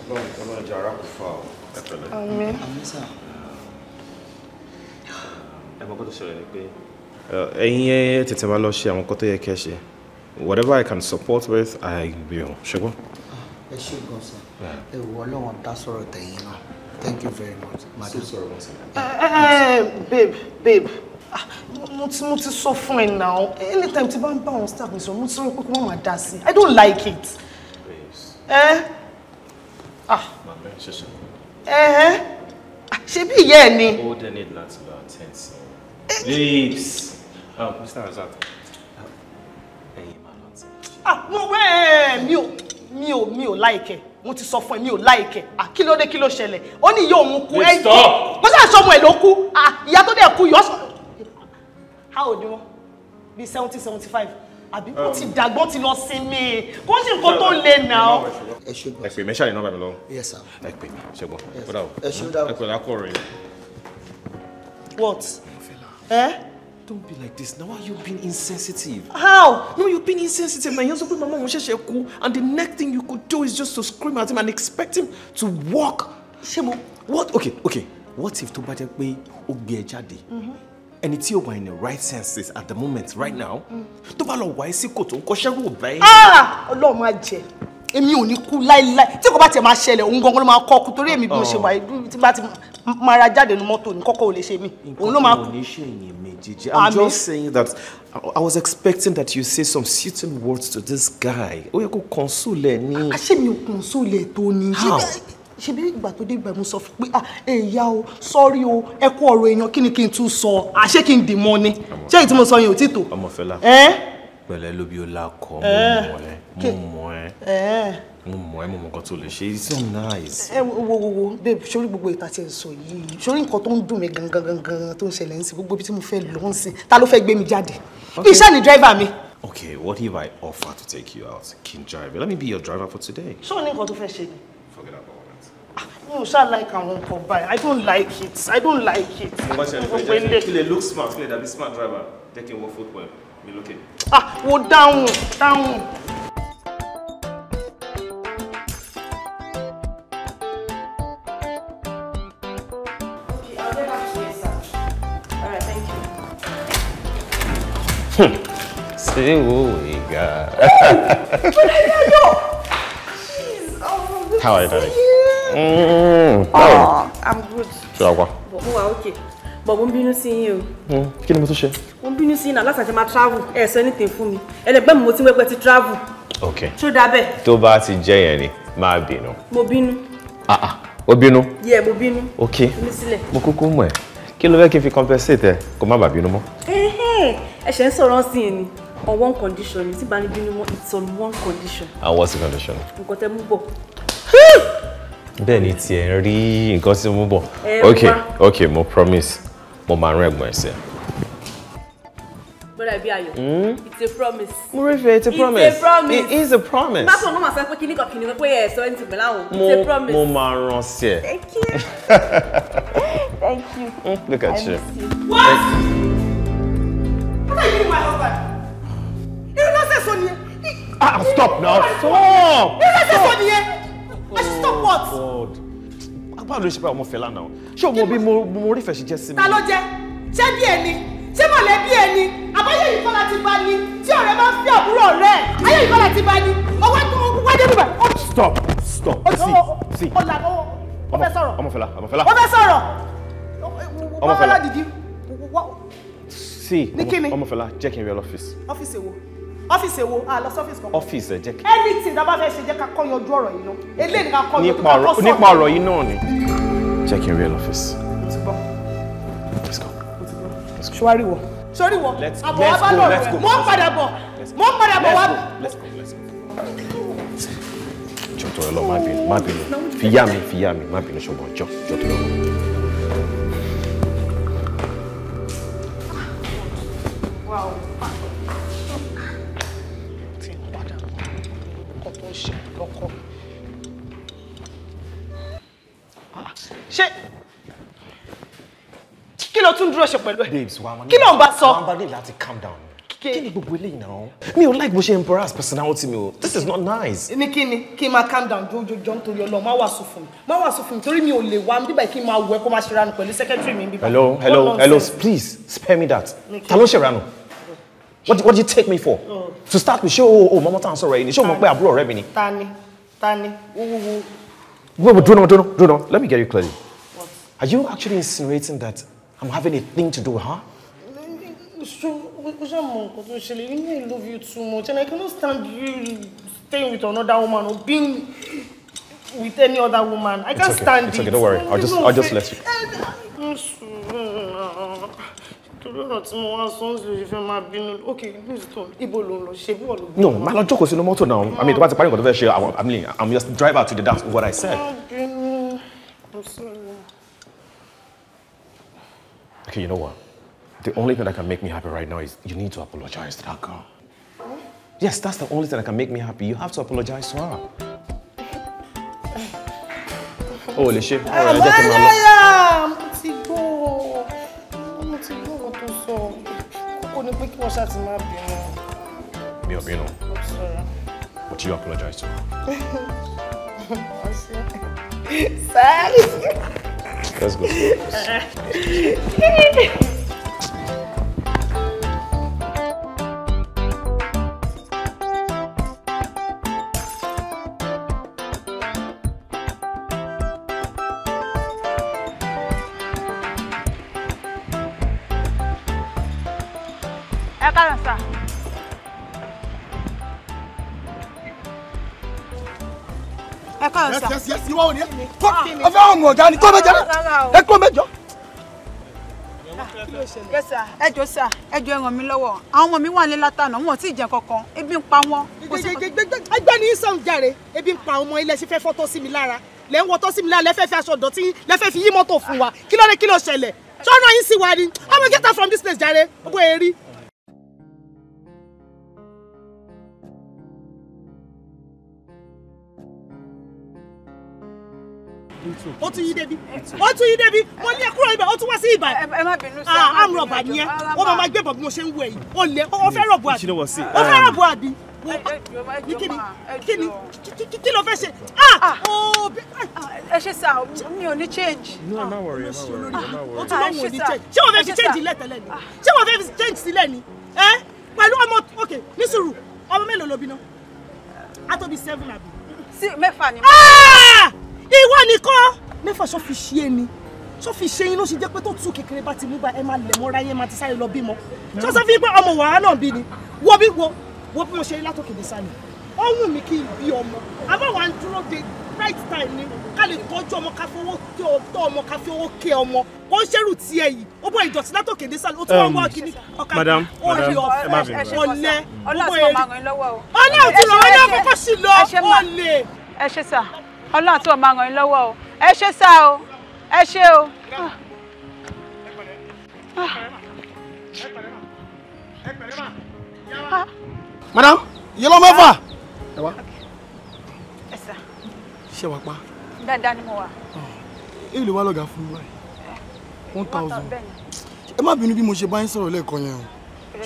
ọlọ́run ọlọ́run jẹ́ ara kò fà ọ́ ẹ pẹ̀lẹ́. àmín. àmín sà. ẹ mọ gbọ́dọ̀ ṣẹlẹ̀ ni pé. Eh, ẹ̀yin ẹ tètè máa lọ ṣe àwọn nǹkan yẹ kẹ́ ṣe whatever i can support with i will ṣùgbọ́n. Ah, ẹ ṣe gan sir ẹ wọ ọlọ́run dá sọ̀rọ̀ tẹ̀yìn náà thank you very much madam. babe babe ah, mo ti mo ti sọ fún ẹ now anytime tí bá ń bá àwọn staff mi sọ mo ti sọ pé kí wọ́n máa dá sí i don't like it. ẹ eh? ah ẹ eh, eh? ah, ṣe bí ìyá ẹ ni. ó dẹ̀ ní láti lọ attend sí i. babes ah, mr razak ẹ̀yin máa lọ sí ah no way mi ò mi ò mi ò like ẹ mo ti sọ fún ẹ mi ò láìkẹ kí kí ló ṣẹlẹ̀ ó ní ìyá òun kú ẹ kó sáà sọmọ ẹ ló kú ìyá tó dẹ̀ kú yọ sọ how old ni bíi seventy seventy five àbí kó ti um, dàgbọ́ ti lọ sinmi kó sì nǹkan tó le nà ọ. ẹ ṣùgbọ́n ẹ pè mí ṣáà ní mi lọ́wọ́ ẹ pè mí ṣùgbọ́n ó o ẹ pè lákọ̀ọ́ rẹ̀. what Eh? Don't be like this. Now you've been insensitive. How? No, you've been insensitive. My husband, my mom, cool. And the next thing you could do is just to scream at him and expect him to walk. Shemo. What? Okay, okay. What if tó bá jẹ́ pé ó gbé ẹ jáde? Mm-hmm. in the right senses at the moment, right now, mm. tó bá lọ wà ẹ́ sí kòtò, nǹkan ṣẹ́gun ò bá ẹ́. Ah! Ọlọ́run á jẹ èmi ò ní kú láéláé tí kò bá tiẹ̀ máa ṣẹlẹ̀ òun gangan ló máa kọ́ kú torí èmi bí mo ṣe oh. wà tí bá ti mara jáde nu mọ́tò ní kọ́kọ́ ò lè ṣe mí òun ló máa kú. nǹkan tó ní ṣe èyí Gigi. I'm I just saying that I, was expecting that you say some certain words to this guy. Ó yẹ kó console ni. Àṣé ah, mi ò console tó ni. How? ṣebí ìgbà tó dé ìgbà mo sọ pé ah ẹ̀yà eh, o Sorry, o ẹ kú ọ̀rọ̀ èèyàn kí ni kí n tún sọ àṣé ah, kí n ni ṣé èyí mo sọ yẹn ò tí tò. ọmọ fẹlá eh? pẹ̀lẹ́ ló bí ó la kọ mo eh. mọ̀ ẹ́ mo mọ̀ ẹ́ mo mọ ẹ mo mọ nǹkan tó lè ṣe it's so nice. ẹ wo wo wo babe sórí gbogbo ìta tí ẹ sọ yìí sórí nǹkan tó ń dùn mí gangan gangan tó ń ṣẹlẹ̀ ń sìn gbogbo ibi tí mo fẹ́ lọ ń sìn ta ló fẹ́ gbé mi jáde iṣẹ́ ni dírẹ́fà mi. okay what if I offer to take you out kí n drive you let me be your driver for today. ṣé o ní nǹkan tó fẹ́ ṣe ni. forget about that. Ah, mi ò ṣáà like àwọn nǹkan báyìí I don't like it I don't like it. mo bá ṣe àlùfẹ́ jẹ́ kí lè look smart kí lè dàbí smart driver jẹ́ kí n wọ footwear mi lókè. ah wo dáhùn dáhùn. say, oh my God. How are you doing? Mm-hmm. Ah, I'm good. Ṣé ọkọ? Mo wà okay. But mo ń bínú you. yín o. you mm, ni mo tún ṣe? Mo Last time I travel. Ẹ sọ anything fún mi. Ẹlẹgbẹ́ mi mo ti ń wẹ́pẹ́ travel. Okay. Ṣó dáa bẹ́ẹ̀? Tó bá ti jẹ́ yẹn ni, máa bínú. Mo bínú. Ah ah, Obinu. Yeah, Yẹ mo bínú. Ok. Mi sílẹ̀. Mo kúkú mọ̀ ẹ́. Kí ló fẹ́ kí n fi compensate ẹ kó má bàa bínú mọ́? Ẹ ṣẹ̀ ń sọ̀rọ̀ sí i on one condition. you see, ní bínú it's on one condition. And what's the condition? Nǹkan tẹ́ mú bọ̀. Bẹ́ẹ̀ ni tiẹ̀ ń rí nǹkan tí mo Okay, okay, mo promise. Mo máa rán ẹ̀gbọ́n ẹ̀sẹ̀. Bọ́dà bí ayọ̀. Hmm? It's a promise. Mo rí fi it's a promise. It's a promise. It is a promise. Má fọ̀ mọ́ màá sọ pé kíní kan kìnìún pé ẹ̀sọ́ ẹni ti pẹ̀lú It's a promise. Mo máa rán sí ẹ. Thank you. Thank you. Hmm, look at I you. you. What? What are you doing my husband? irú nọ́ọ̀sẹ̀sọ nìyẹn. ah stop now stop. irú nọ́ọ̀sẹ̀sọ nìyẹn i should stop what. Oh, báwo ló ṣe pé ọmọ fẹlá náà ṣé o mọ bí mo rí fẹsí jẹ sí mi. ta ló jẹ ṣé bí ẹni ṣé mọ̀lẹ́bí ẹni àbáyé yìí kọ́lá ti bá ní tí ọ̀rẹ́ máa ń fi àbúrò rẹ̀ ayé yìí kọ́lá ti bá ní ọwọ́ wájú nígbà. stop stop sí sí ọmọfẹlá ọmọfẹlá ọmọfẹsọrọ ọmọfẹlá dìdí sí ọmọfẹlá jẹ́ kí n rí ọ lọ́fíìsì. ọ́fíìsì wo ọ́fíìsì èwo a ah, lọ sí ọ́fíìsì kankan. ọ́fíìsì ẹ jẹ́ kí. anything tá a bá fẹ́ ṣe jẹ́ ká kọ́ yanjú ọ̀rọ̀ yìí náà eléyìí ká kọ́ yanjú ká kọ́ sọ̀rọ̀. nípa ọ̀rọ̀ yìí náà ni. jẹ́ kí n rí ẹ lọ́fíìsì. ṣùwárí wọ ṣùwárí wọ àbọ̀ wa bá lọ rẹ̀ mọ́ padà bọ̀ mọ́ padà bọ̀ wá. jọ̀tọ̀ ẹ lọ má bínú má bínú fìyà mi fìyà mi má bínú ṣùgbọ́n jọ jọ̀tọ̀ ẹ lọ. Wow. àtọkọ. Ah, ṣé kí ló tún dúró ṣe pẹ̀lú ẹ kí ló ń bá sọ. wọn calm down kí ni gbogbo eléyìí náà mi ò like bó ṣe embarrass personality mi this is not nice. ní kí ni calm down jójójó John, ọlọ́run má wàásù fún mi má wàásù fún mi torí mi ò lè wá bíbá kí n máa wọ ẹ kó máa ṣe ránu pẹ̀lú secretary mi bíbá. hello hello hello please spare me that ta ló What do, what do you take me for? Mm. To start with, ṣé o mọ ọmọ tá à ń sọ̀rọ̀ yìí ni? Ṣé o mọ̀ pé àbúrò ọ̀rẹ́ mi ni? Ta ni? Ta ni? Wait, wait, dúró dúró dúró Let me get you clear. What? Are you actually insinuating that I'm having a thing to do with her? So, You know I love you too much and I cannot stand you staying with another woman or being with any other woman. I can't it's okay. stand it's okay. it. Don't worry. I'll just, I'll just let you torí ọ̀rọ̀ tí mo wá sọ ń lè fẹ́ máa bínú ok please tó ibo ló ń lọ ṣe bí wọ́n ló. no máa lọ jókòó sínú mọ́tò náà i mean tó bá ti parí nǹkan tó fẹ́ ṣe i mean i'm just drive out to the dance what i said. okay you know what the only thing that can make me happy right now is you need to apologize to that girl. Yes, that's the only thing that can make me happy. You have to apologize to her. Oh, Lishe. All right, just a ti gbọ́ nǹkan tó sọ kókó ni pé kí wọ́n ṣáà ti má bínú. mi ò bínú. What do you apologize to? Sorry. Let's go. Let's go. sí wọn ò ní kó ọfẹ àwọn ọmọ ọjà ni kó mẹ́jọ ẹ kó mẹ́jọ. ẹjọ sà ẹjọ ẹ ràn mí lọ́wọ́ àwọn ọmọ mi wà ní látànà wọn ò tí ì jẹ kankan ebi ń pa wọn. ẹgbẹ́ ní sàn jàre ebi ń pa àwọn ọmọ ilé ṣe fẹ́ fọ́tọ́ sí mi lára lẹ́ ń wọ́tọ́ sí mi lára lẹ́fẹ́ fi aṣọ dọ̀tí lẹ́fẹ́ fi yí mọ́tò fún wa kí ló dé kí ló ṣẹlẹ̀ sọ́nà yín sí wa ni ọmọ get out from this place jàre owó eré. ó tún yí débi ó tún yí débi mo ní ẹ kúrò ibà ó tún wá sí ibà àmúrọ̀bà ni ẹ ah, ó máa máa gbébọn bí mo ṣe ń wọ ẹ̀yìn ó lẹ ó fẹ́ rọ̀bù àbí ó fẹ́ um, rọ̀bù àbí ní kíni kíni kí ló fẹ́ ṣe ah, ah, ah ooo oh, ẹ ṣe sá mi ò ní change. no ẹ má wọrí ẹ má wọrí ẹ má wọrí. o tún lọ́wọ́ ní change ṣé wọ́n fẹ́ fi change ilẹ̀ tẹ́lẹ̀ ni ṣé wọ́n fẹ́ fi change sílẹ̀ ni ẹ pẹ̀lú ọmọ ok ní sùúrù ọmọ mélòó ló bí náà a tó bí seven àbí. sí mẹ́fà ni mo ìwọ nìkan mẹ́fà sọ fi ṣe é ni sọ fi ṣe yín ló ṣe jẹ́ pé tó tú kékeré bá ti mú bá ẹ máa lẹ̀ mọ́ra yẹn máa ti sáré lọ bímọ sọ sọ fi pé ọmọ wàhálà náà bí ni wo bí wo wo bí mo ṣe rí látòkè dé sálẹ̀ ó wù mí kí n bí ọmọ àmọ́ wà á dúró de right time ni ká lè tọ́jú ọmọ ká fi owó tọ́ ọmọ ká fi owó ké ọmọ ó ń ṣerú tiẹ̀ yìí ó bọ́ ìdọ̀tí látòkè dé sálẹ̀ um, ó tún ọmọ kìíní ọ̀kadà ó rí ọ̀fẹ́ ọ̀lẹ́ ọ̀lẹ́ ọ̀tún lọ́wọ́ náà kọ́kọ́ sí lọ ọ̀lẹ́. ẹ ṣe sà ọlọ́run àti wọn máa ràn yín lọ́wọ́ o ẹ ṣe sá o ẹ ṣe o. madam yẹ lọ mẹ́fà ẹ wá ṣe wà pa. dáadáa ni mo wà. èlò wa lọ́gàá fún mi báyìí one thousand ẹ má bínú bí mo ṣe bá yín sọ̀rọ̀ lẹ́ẹ̀kan yẹn o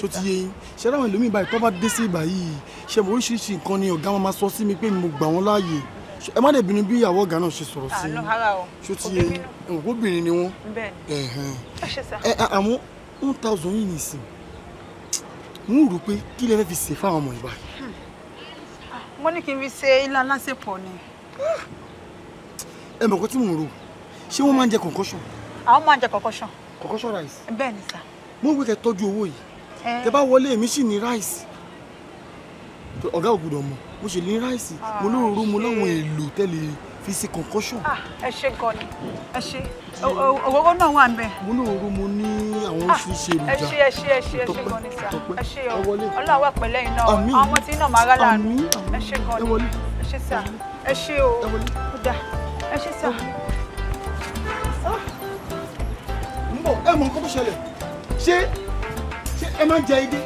ṣó ti yé yín ṣe ara àwọn ẹlòmíì báyìí tó bá dé sí ìgbà yìí ṣe mo oríṣiríṣi nǹkan ni ọ̀gá máa sọ sí mi pé mo gbà wọ́n láàyè ẹ má lè bínú bí ìyàwó ọ̀gá náà ṣe sọ̀rọ̀ sí i ah, ṣó ti yẹ ògbóbìnrin ni wọ́n ẹ àmọ́ one thousand yìí nìsín mo ń rò pé kí lè fẹ́ fi ṣe fáwọn ọmọ ìbá. Hmm. Ah, mo ní kí n fi ṣe ilé alásèpọ̀ ni. ẹ mọ̀ kó tí mò ń rò ṣé wọ́n máa ń jẹ concussion. àwọn ah, máa ń jẹ concussion. concussion rice. bẹ́ẹ̀ ni sà. mo wí kẹ́ tọ́jú owó yìí tẹ eh. bá wọlé èmi sì ní rice ọ̀gá ògùdọ̀ mọ̀ mo ṣe ní ráìsì mo lóòrò mo láwọn èlò tẹ́lẹ̀ fi ṣe concussion. Ah, ẹ ṣe gan ni ẹ ṣe òwòrò náà wà nbẹ. mo lóòrò mo ní àwọn oríṣiríṣi ah, èròjà ẹ ṣe ẹ ṣe ẹ ṣe ẹ ṣe gan ni sà ẹ ṣe ọ ọlọ́run wà pẹ̀lẹ́ iná ọmọ tí iná máa rà láàánú ẹ ṣe gan ni ẹ ṣe sà ẹ ṣe o ó dà ẹ ṣe sà. ń bọ̀ ẹ mọ nǹkan tó ṣẹlẹ̀ ṣé ṣé ẹ máa ń jẹ edé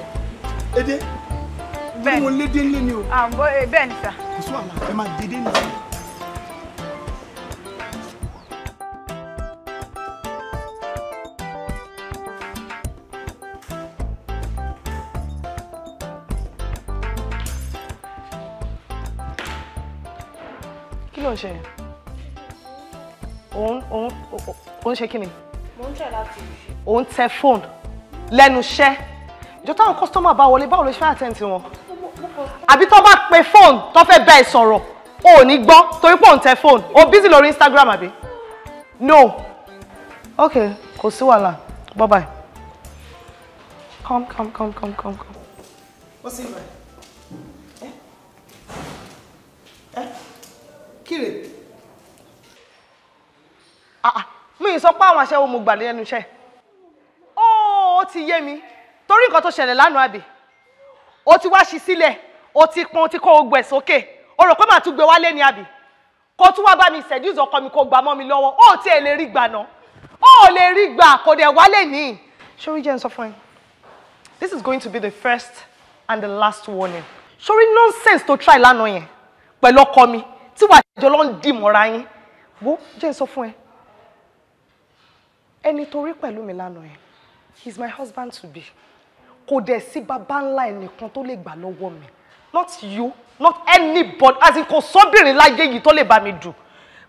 edé. Ben, ni mo lédè ńlé ni o. à ń bọ eh, bẹ́ẹ̀ ni sà. kò sí wàhálà ẹ máa dédé ní. kí On ń ṣe òun òun òun ṣe kí ni. mo ń tẹ̀ láti. òun tẹ fóònù lẹ́nu iṣẹ́ ìjọ táwọn kọ́sítọ́mà bá wọlé báwo ló ṣe fẹ́ àtẹ̀ǹtì wọn àbí tó bá pe fóònù tó fẹ́ bá ẹ sọ̀rọ̀ o ò ní gbọ́ torí pé òun tẹ fóònù o bísí lórí Instagram àbí no ok kò sí wàhálà bye bye come come come come come come. ó sì bẹ̀ ẹ́ ẹ́ kíre. Ah, ah, mi ì sọ pé àwọn aṣẹ́wó mo gbà lẹ́nu iṣẹ́ ó ti yé mi torí nǹkan tó ṣẹlẹ̀ lánàá àbí o ti wá ṣí sílẹ̀ o ti pọn o ti kó o gbẹ̀ sókè o rò pé màá tún gbé wálé ni àbí kó tún wá bá mi seduce ọkọ mi kó gbà mọ́ mi lọ́wọ́ o tiẹ̀ lè rí gbà náà o lè rí gbà kò dẹ̀ wálé ni. sori jẹ́ n sọ fún yín this is going to be the first and the last warning sori nonsense to try lánàá yẹn pẹ̀lú ọkọ mi tí wàá jọ lọ dì mọ́ra yín wo jẹ́ n sọ fún ẹ ẹni torí pẹ̀lú mi lánàá yẹn he is my husband to be kò dẹ̀ sí bàbá ńlá ẹnìkan tó lè gbà lọ́wọ́ mi not you not anybody as in kò sọ́bìnrin láyé yìí tó lè bá mi dù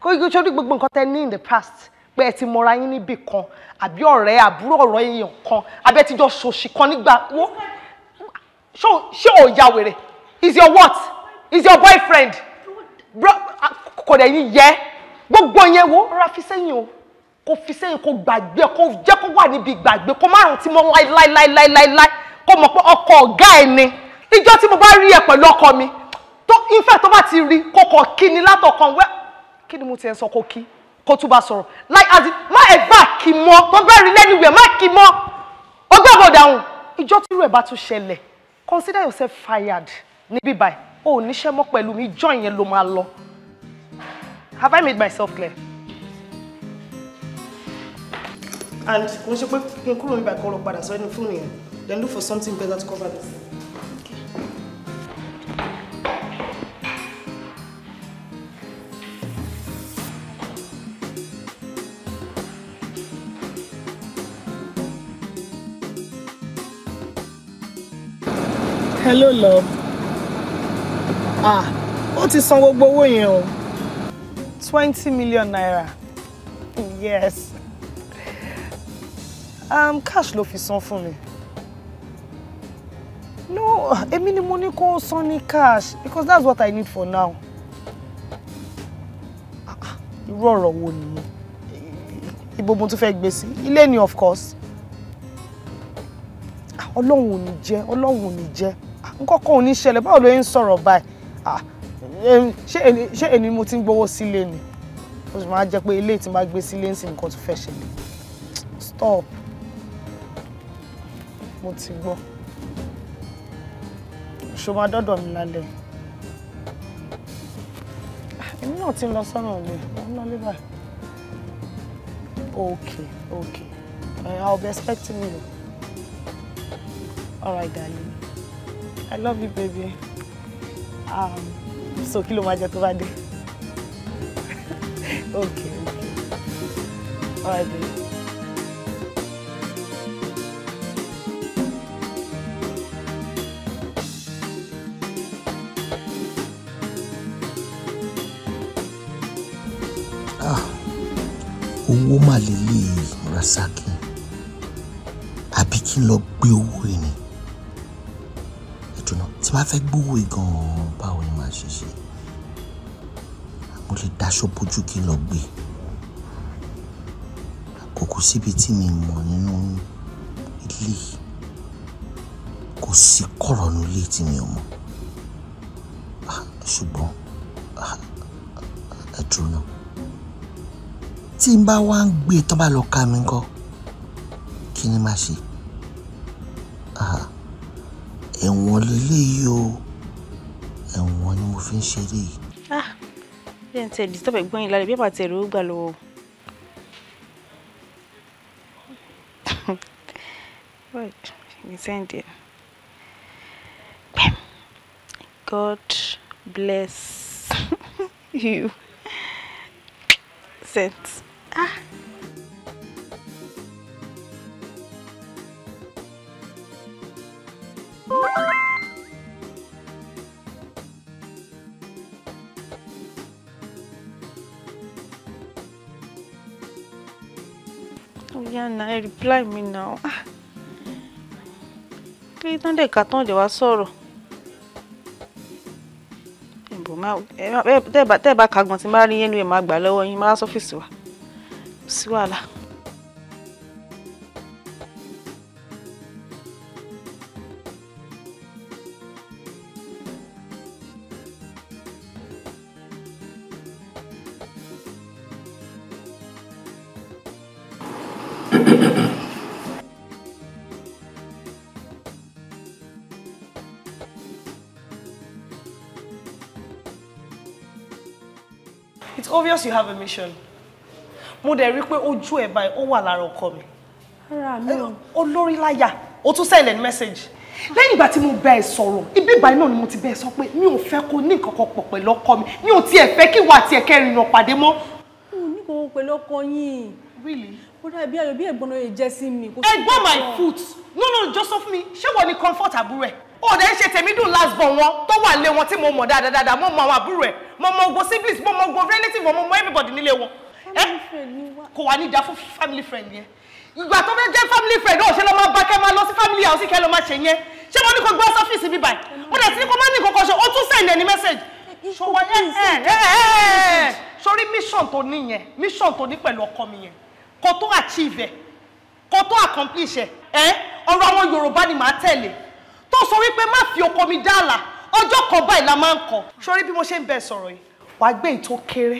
kó igi sórí gbogbo nǹkan tẹ ní in the past pé ẹ ti mọra yín níbì kan àbí ọ̀rẹ́ àbúrò ọ̀rọ̀ èèyàn kan àbí ẹ ti jọ ṣòṣì kan nígbà wo ṣé ò ya wèrè is your what is your boyfriend bro kò dẹ̀ yín yẹ gbogbo yẹn wo rárá fi sẹ́yìn o kò fi sẹ́yìn kò gbàgbé kò jẹ́ kó wà níbi gbàgbé kó má rántí mọ́ láéláéláéláéláé kó mọ̀ pé ọkọ ọ̀gá ẹ̀ ni ìjọ́ tí mo bá rí ẹ pẹ̀lú ọkọ mi tó in fact tó bá ti rí kókò kí ni látọkàn wẹ́ kí ni mo ti ẹ̀ sọ kó kí kó tún bá sọ̀rọ̀ like as in má ẹ̀ bá kí mọ́ tó bá rí lẹ́nu ìwẹ̀ má kí mọ́ ọgbẹ́ ìbọ̀dàhùn ìjọ́ tí irú ẹ̀ bá tún ṣẹlẹ̀ consider yourself fired níbí báyìí o ò níṣẹ́ mọ́ pẹ̀lú mi ìjọ́ yẹn ló máa lọ have I made myself clear? and mo ṣe pé kí n kúrò níbà kọ́ padà sọ ẹnu fún nìyẹn. Then look for something better to cover this. Hello, love. Ah, what is some gbogbo owó yẹn Twenty million naira. Yes. Um, cash love is san for me no a ni mo ní kó cash because that's what i need for now ah, ah, irú won't. wo nìyẹn ibo mo tún fẹ́ gbé sí ilé of course ah, ọlọ́run ò ní jẹ́ ọlọ́run ò ní jẹ́ nǹkan kan ò ní ṣẹlẹ̀ báwo ló ń sọ̀rọ̀ báyìí ṣé èmi mo ti ń gbowó sílé ni ó sì máa jẹ́ pé ilé tí n bá gbé sílé ń sìn nǹkan tó fẹ́ ṣẹlẹ̀ stop mo ti gbọ́ ṣó máa dọ́dọ̀ mi lálẹ́ ah, èmi náà ti lọ sọ́nà mi òun náà lè báyìí okay okay eh, I'll be expecting you all right darling I love you baby um, so kí ló máa jẹ tó bá dé okay okay all right baby. owó mà lélẹ́yìí Rasaki àbí kí n lọ gbé owó rẹ̀ ni ìdùnnà tí wàá fẹ́ gbówó gan-an báwo ni màá ṣe ṣe mo lè daṣọ bójú kí n lọ gbé kò síbi tí mi mọ̀ nínú ilé kò sí kọ̀rọ̀ nílé tí mi ò mọ̀ ah, ṣùgbọ́n. Ah, tí n bá wá ń gbé tán bá lọ ka mi ńkọ́ kí ni máa ṣe ẹ̀wọ̀n lélẹ́yìí o ẹ̀wọ̀n ni mo fi ń ṣeré yìí. Ah, bí ẹ̀ ń tẹ̀ disturb ẹ̀gbọ́n yìí lálẹ́ bí àbàtì ẹ̀rọ ó gbà lọ́wọ́ God bless you. sense ah. Oh Yana, ẹ reply me now. Ah. Kí tán dẹ̀ ká tán dẹ̀ wá sọ̀rọ̀. Ẹ̀bùn máa tẹ́ ẹ bá kagbọ̀n tí n bá rí yẹn ni ẹ̀ máa gbà lọ́wọ́ yín máa sọ́fíìsì wa. swala. It's obvious you have a mission. mo dẹ̀ rí pé ojú ẹ̀ báyìí ó wà lára ọkọ mi olórí láyà o tún send an message lẹ́yìn ìgbà tí mo bẹ ẹ sọ̀rọ̀ ibi ìbàyìí náà ni mo ti bẹ ẹ sọ pé mi ò fẹ́ kó ní nǹkan kan pọ̀ pẹ̀lú ọkọ mi mi ò tiẹ̀ fẹ́ kí wà tiẹ̀ kẹrin náà pàdé mọ́. mi kò pẹ̀lú ọkọ yín. really. ó dà bí ayọ̀ bí ẹ̀gbọ́n náà yẹ jẹ́ sí mi. ẹ̀gbọ́n my foot no no Joseph sọ fún mi ṣé wọ́n ní comfort àbúrò ẹ̀ ọ̀dẹ̀ ń ṣe tèmi dùn last born wọn tó wà lé wọn tí mo mọ̀ dáadáa mo mọ àwọn àbúrò ẹ̀ mo mọ ogo siblings mo mọ ogo relative mo mọ everybody nílé wọn kò wá ní ìjà fún family friend yẹn ìgbà tó fẹ́ jẹ́ family friend náà ṣe lọ́ máa bá kẹ́ máa lọ sí family house kẹ́ lọ́ máa ṣe yẹn ṣé wọ́n ní kò gbọ́ sọ́fíìsì bíbá ẹ̀ ó dẹ̀ ti ní kò má ní nǹkan ṣe ó tún send ẹni message ṣọwọ́ yẹn ẹ̀ ẹ̀ sórí mission tó ní yẹn mission tó ní pẹ̀lú ọkọ mi yẹn kó tó achieve ẹ̀ kó tó accomplish ẹ̀ ẹ̀ eh, ọ̀rọ̀ àwọn Yorùbá ni màá tẹ̀lé tó sọ wípé má fi ọkọ mi dáàlà ọjọ́ kan báyìí la máa ń kọ sórí bí mo ṣe ń bẹ sọ̀rọ̀ yìí wàá gbé ìtó kéré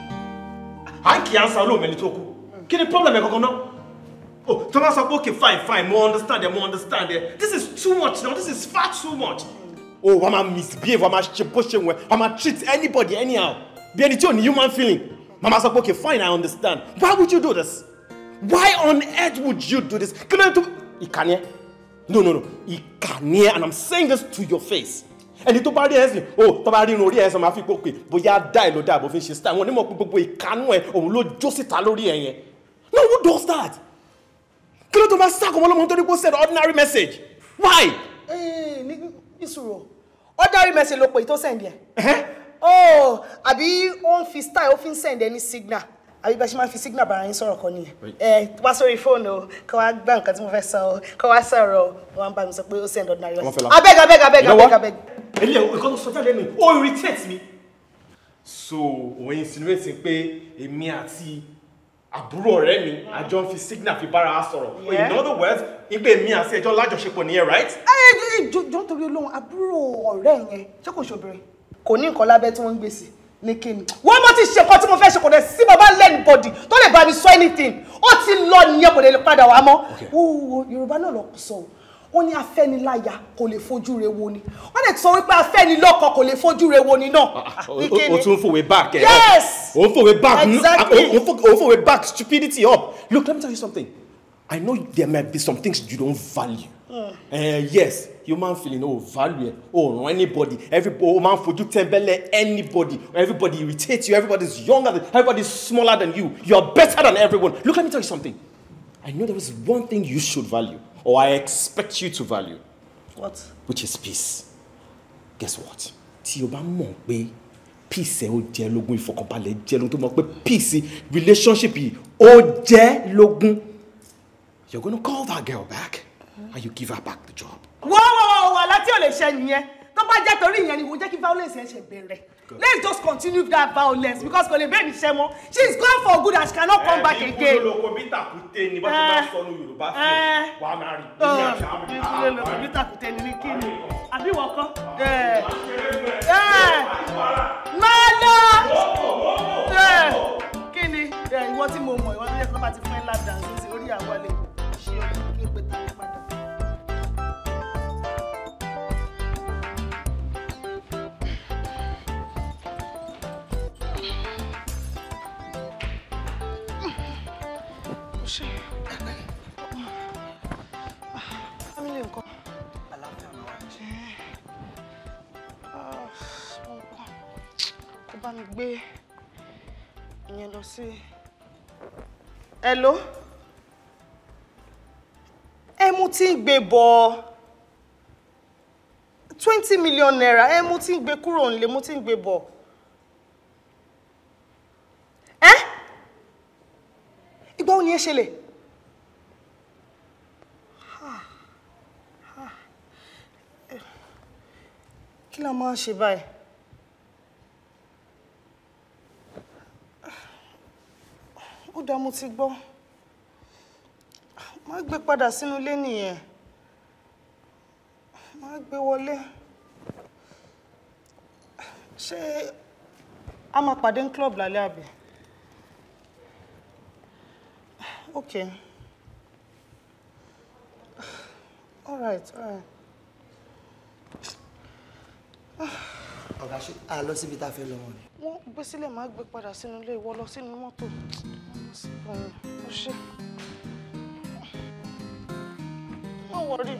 à ń kì í ansa olóòmù ẹni tó kú kí ni problem ẹ̀ kankan náà Oh, tó sọ pé okay fine fine mo understand it. mo understand it. this is too much now this is far too much. o oh, wàá máa misbehave wàá máa ṣe bó ṣe wẹ̀ wàá máa treat anybody anyhow bí ẹni tí ò ní human feeling Mama, sọ pé okay fine I understand why would you do this why on earth would you do this kí ló ń tó ìkànnì no no no ìkànnì ẹ and I'm saying this to your face ẹni tó bá rí ẹ̀sìn o oh, tó bá rí irun orí ẹ̀sìn máa fi pò pé bóyá dá ẹ̀ ló dá àbòfin ṣe style wọn onímọ̀ pé gbogbo ìkanú ẹ̀ òun ló jó síta lórí ẹ̀ yẹn no who does that kí ló tó bá sáàkó lọ́mọ nítorí pé ó send ordinary message why. ẹ eh, ní ìṣòro ordinary message ló pè tó send yẹn. ó oh, àbí ó ń fi style ó fi ń send ẹni signal àbí bá ṣe máa fi signal bára yín sọ̀rọ̀ kan nìyẹn ẹ wá sórí fóònù o kó wá gbá nǹkan tí mo fẹ́ sọ o kó wá sọ̀rọ̀ o wọ́n ń bá mi sọ pé ó send ordinary letter abeg abeg abeg abeg abeg. èmi ẹ̀ nǹkan tó sọ fẹ́ lẹ́nu ó irritate mi. so òun insinuate pé èmi àti àbúrò ọ̀rẹ́ mi àjọ ń fi signal fi bára wa sọ̀rọ̀ in other words ipe mi àti ẹjọ́ lájọṣepọ̀ nìyẹn right. ẹ ẹ jọ nítorí olóhùn àbúrò ọ̀rẹ́ yẹn ṣé kò ṣ lékè ni wọ́n mọ̀ ti ṣe kan tí mo fẹ́ ṣe kò dẹ̀ sí baba lẹ́nu bọ̀dì tó lè bá mi sọ anything ó ti lọ nìyẹn kò lè padà wá mọ́ wúwo yorùbá náà lọ sọ o wọ́n ní afẹ́niláyà kò lè fojú re wo ni wọ́n dẹ̀ sọ wípé afẹ́nilọ́kọ kò lè fojú re wo ni náà. Ah, ah, o tún fòwe back ẹ eh? yes o fòwe back exactly o fòwe back stupidity up look let me tell you something i know there might be some things you don't value Uh, yes human feeling oh, value oh, anybody Every o oh, máa ń fojú tẹ́ńbẹ́lẹ̀ anybody everybody irritates you Everybody's younger than everybody smaller than you You're better than everyone look let me tell you something I know there is one thing you should value or I expect you to value. what which is peace guess what Ti o bá mọ̀ pé peace ẹ ó logun lógún ìfọkànbalẹ̀ jẹ́ lógún tó mọ̀ peace relationship yìí ó jẹ́ logun. you're gonna call that girl back and you give her back the job. wọ́n wọ́n wọ́n àlá tí ò lè ṣe nìyẹn tó bá jẹ́ torí ìyẹn ni wò jẹ́ kí violence yẹn ṣe bẹ̀rẹ̀ let's just continue that violence because kò lè bẹ́ẹ̀ ní ṣe mọ́ she is gone for good and she cannot eh, come back again. ẹ ẹ ìbúlò bí tàkúté ni bá ti bá sọnù yorùbá eh. fún wa máa rí bí i àṣà àbí. Oh, ìbúlò bí tàkúté ni ní kíni àbí wọ́n kọ́. máa lọ kíni ìwọ tí mo mọ̀ ìwọ tó yẹ kó bá ti fún ẹ ládàá sí orí àwọn àlejò ṣé o kí n pè tá padà. bá mi gbé ìyẹn lọ sí hello ẹ mú tí ń gbé bọ̀ twenty million naira ẹ mú tí ń gbé kúrò nílé mú tí ń gbé bọ̀ ẹ ìgbà wo ni ẹ ṣẹlẹ̀. kí la máa ṣe báyìí. ó dá mo ti gbọ́ má gbé padà sínú ilé nìyẹn má gbé wọlé ṣé a máa pàdé ní club lálẹ́ àbí ok all right all right. ọ̀gá ṣe àlọ́ síbi tá a fẹ́ lọ́wọ́ ni wọ́n gbé sílẹ̀ máa gbé padà sínú ilé ìwọ lọ sínú mọ́tò ó ṣe wọ́n wọ̀rí.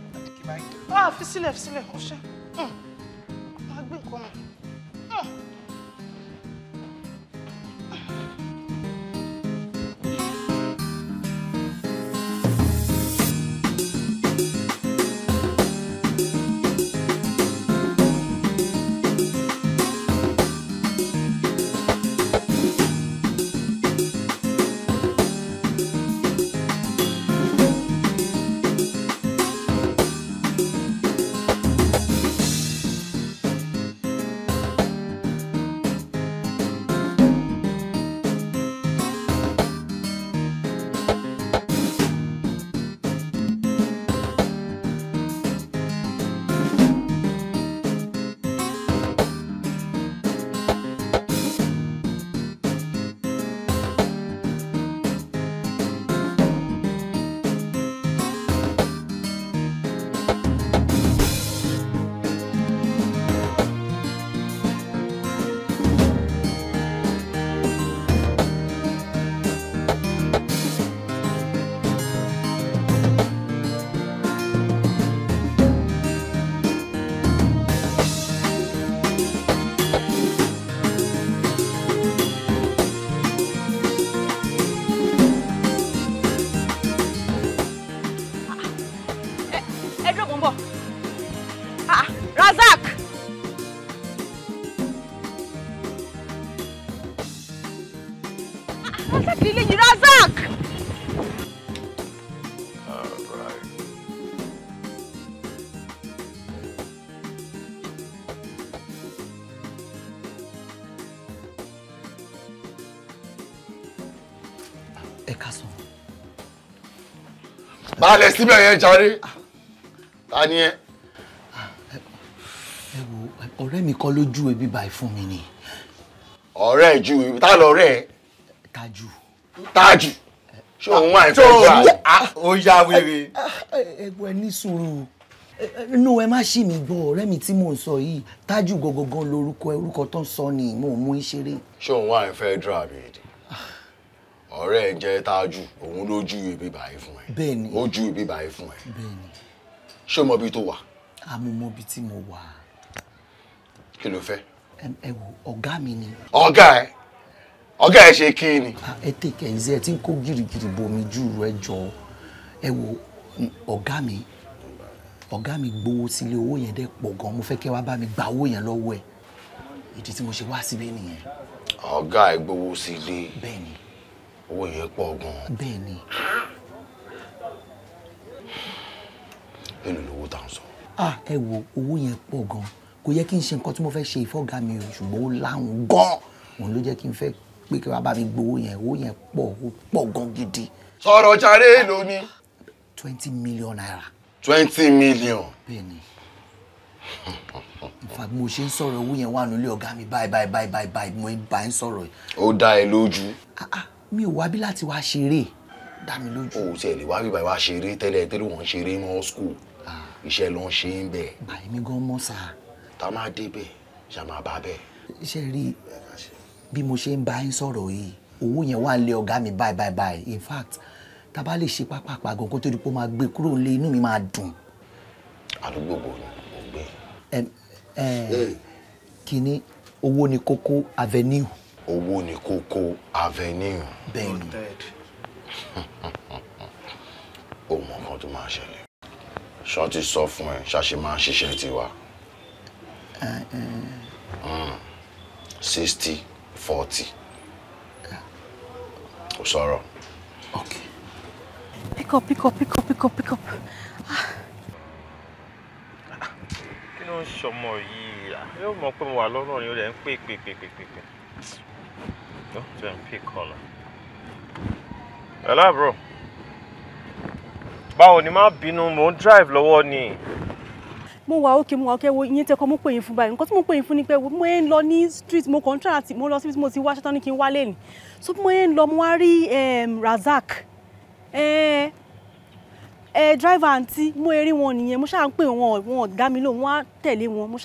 ah fi sílẹ̀ fi sílẹ̀ ó ṣe hmm. máa gbé nǹkan mọ̀. halẹ̀ síbẹ̀ yẹn jàre ta ni ẹ. ẹ wo ọ̀rẹ́ mi kọ́ ló júwe bíbá fún mi ni. ọ̀rẹ́ júwe ta lọ ọ̀rẹ́ ẹ. tájù. tájù ṣé òun wà ní fẹ́ẹ́ gbà. ó yá wèrè. ẹ ní sùúrù inú ẹ má ṣì mí gbọ́ ọ̀rẹ́ mi tí mò ń sọ yìí tájù gangan lórúkọ ẹ orúkọ tó ń sọ ni mò ń mú í ṣeré. ṣé òun wà ní fẹ́ẹ́ dúrà bèèdì ọ̀rẹ́ ẹ̀ jẹ́ tájù òun ló júwe bíbá fún ẹ bẹ́ẹ̀ni ó ju ibi báyìí fún ẹ bẹ́ẹ̀ni ṣé o mọ ibi tó wà. àmọ́ mo ibi tí mo wà. kí ló fẹ́. ẹ wo ọ̀gá mi ni. ọ̀gá ẹ ọ̀gá ẹ ṣe kí ni. ẹ tèkẹ́ ẹ ẹ ti ń kó gìrìgìrì bomi jù rẹ jọ ẹ wo ọ̀gá mi ọ̀gá mi gbowó sílé owó yẹn dẹ́ pọ̀ gan mo fẹ́ kẹ́ wá bá mi gba owó yẹn lọ́wọ́ ẹ̀ ìdí tí mo ṣe wá síbẹ̀ nìyẹn. ọ̀gá ẹ gbowó sílé. bẹ́ẹ̀ni. owó yẹn pọ̀ gan. bẹ́ẹ̀ni. èlò lówó tá à ń sọ. ah ẹ wo owó yẹn pọ̀ gan kò yẹ kí n ṣe nǹkan tí mo fẹ́ ṣe ìfọ́gà mi o ṣùgbọ́n ó láwọn gan òun ló jẹ́ kí n fẹ́ pé kí wàá bá mi gbowó yẹn owó yẹn pọ̀ ó pọ̀ gan gidi. sọ̀rọ̀ jàre èlò ni. twenty million naira. twenty million. bẹ́ẹ̀ni nfa mo ṣe ń sọ̀rọ̀ owó yẹn wà nílé ọ̀gá mi báyìí báyìí báyìí báyìí báyìí mo bá ń sọ̀rọ̀ ó dá ẹ lójú. Ah, ah, mi ò wá bí láti wá ṣeré dá mi lójú. o ò tiẹ̀ lè wá bí báyìí wá ṣeré tẹ́lẹ̀ tẹ́lẹ̀ wọ́n ṣeré mọ́ school iṣẹ́ ló ń ṣe ń bẹ̀. àìmí gan mọ́ sá. tá a máa débẹ̀ ṣá máa bá bẹ́ẹ̀. ṣe rí bí mo ṣe ń bá yín sọ̀rọ̀ yìí owó yẹn wà lé ọ̀gá mi báyìí báyìí báyìí in fact tá a bá lè ṣe pápápá gan kó tó di pé ó máa gbé kúrò lé inú mi máa dùn. àdúgbò wo ni mo gbé. ẹ ẹ kínní owó ni kókó avenue. owó ni kókó avenue. bẹ́ẹ̀ni. o mọ nǹkan tó máa ṣẹlẹ̀ ṣọ́ ti sọ fún ẹ ṣàṣe máa ń ṣiṣẹ́ tiwa. Hmm. sixty forty kò sọ̀rọ̀. Ok. pick up pick up pick up pick up pick up. Ah. kí ló ń ṣọmọ yìí yóò mọ pé mo wà lọ́nà ni ó lè ń pè pè pè pè pè pè. Don't pick caller. Hello, bro báwo ni má bínú mò ń drive lọ́wọ́ ni. mo wà ókè mo wà ókè wo ìyẹn tẹkọ mo pè yín fún báyìí nǹkan tí mo pè yín fún ni pé mo ń lọ ní street mo contract mo lọ síbi tí mo ti wá ṣetán ní kí n wá lẹ́nu so mo ń lọ mo wá rí ehm, Razak ẹ eh, ẹ eh, driver àǹtí mo eré wọn nìyẹn mo ṣáà ń pè wọn wọn ọ̀gá mi lóhùn wọn á tẹ̀lé wọn mo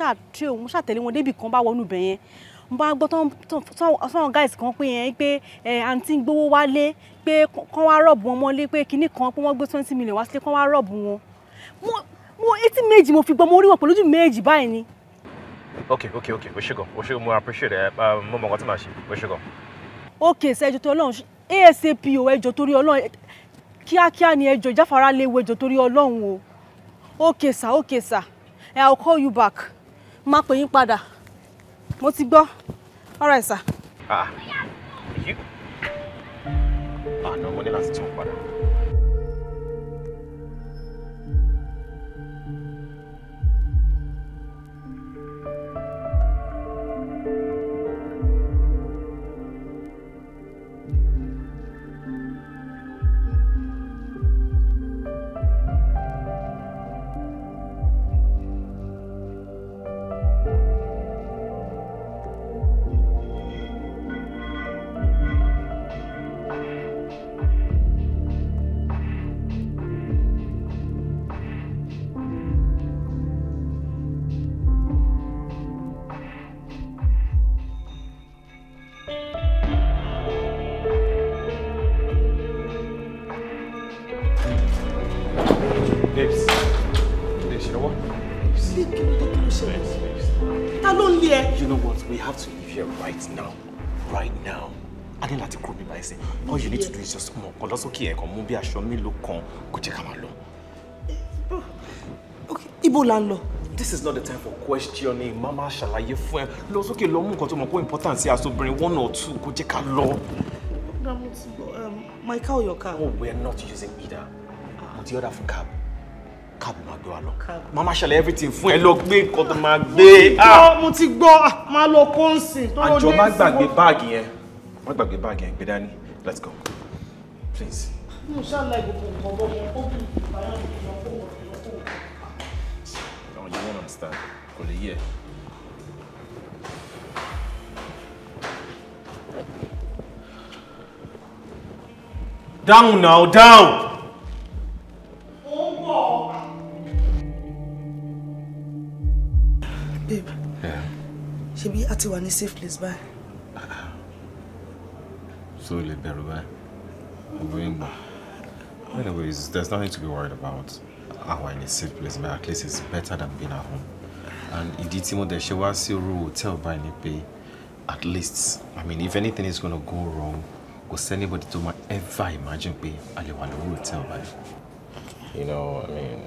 ṣáà tẹ̀lé wọn débi kan bá wọnú bẹ̀yẹn mo bá gbọ́ sọ́wọ́n guys kan pé yẹn pé àǹtí ń gbowó wálé pé kán wá rọ̀bù wọn mọ́lé pé kinní kan pé wọ́n gbé twenty million wá sílé kán wá rọ̀bù wọn mo etí méjì mo fi gbọ́ mo rí wọn pẹ̀lú ojú méjì báyìí ni. okay okay okay o ṣe gan o ṣe mo appreciate ẹ ah, mo mọ nǹkan tí màá ṣe o ṣe gan. okay ṣẹ́jú tó ọlọ́run asap o ẹjọ́ torí ọlọ́run kíákíá ni ẹjọ́ ìjáfara léwu ẹjọ́ torí ọlọ́run o okay sir okay sir I eh, will call you back má pè yín padà mo ti gbọ́ all right sir. ah you ah no mo ní láti tún padà. kan kò jẹ́ ká máa lọ. ibo la ń lọ. this is not the time for questioning mama ṣàlàyé fún ẹ lọ sókè lọ mú nǹkan tó mọ̀ pé important sí asobìnrin one or two kò jẹ́ ká lọ. Um, my car or your car. oh we are not using either mo ti order fún cab cab máa gbé wa lọ mama ṣàlàyé everything fún ẹ lọ gbé nǹkan tó máa gbé. mo ti ah! gbọ́ ah, máa lọ kóńsì tó lọ dé ìsìnkú. àjọ má gbàgbé báàgì yẹn má gbàgbé báàgì yẹn gbé dání let's go please mo ṣàlàyé gbogbo nǹkan lọ́wọ́ ó bí ìpàyà ìyọkọ̀ ìyọkọ̀. àwọn yìí wọ́n understand kò lè yẹ. Down now, down! ṣebí a ti wà safe place báyìí. so ah, ah. lè bẹ̀rù báyìí àbúrò ń gbọ̀n. Anyways, there's nothing to be worried about. Àwa in a safe place, but at least it's better than being at home. And if tí mo dẹ̀ ṣe wá sí tell by báyìí ni at least, I mean, if anything is gonna go wrong, kò sí anybody tó my ever imagine pé a lè wà lórí You know, I mean,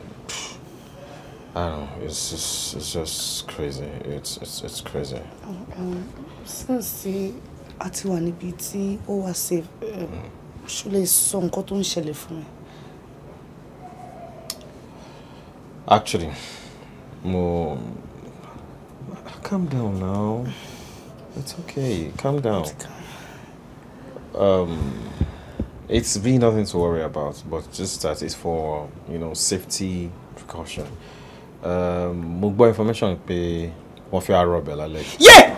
I don't know. It's just, it's just crazy. It's, it's, it's crazy. Um, um, since a ti wà níbi tí ó wà safe, um, mm. ṣó lè sọ nǹkan tó ń Actually, mo. Calm down now. It's okay. Calm down. Um, it's really nothing to worry about, but just that it's for you know safety precaution. Um, mo information pe wọ́n fi arọ Yeah. lálẹ́. yẹ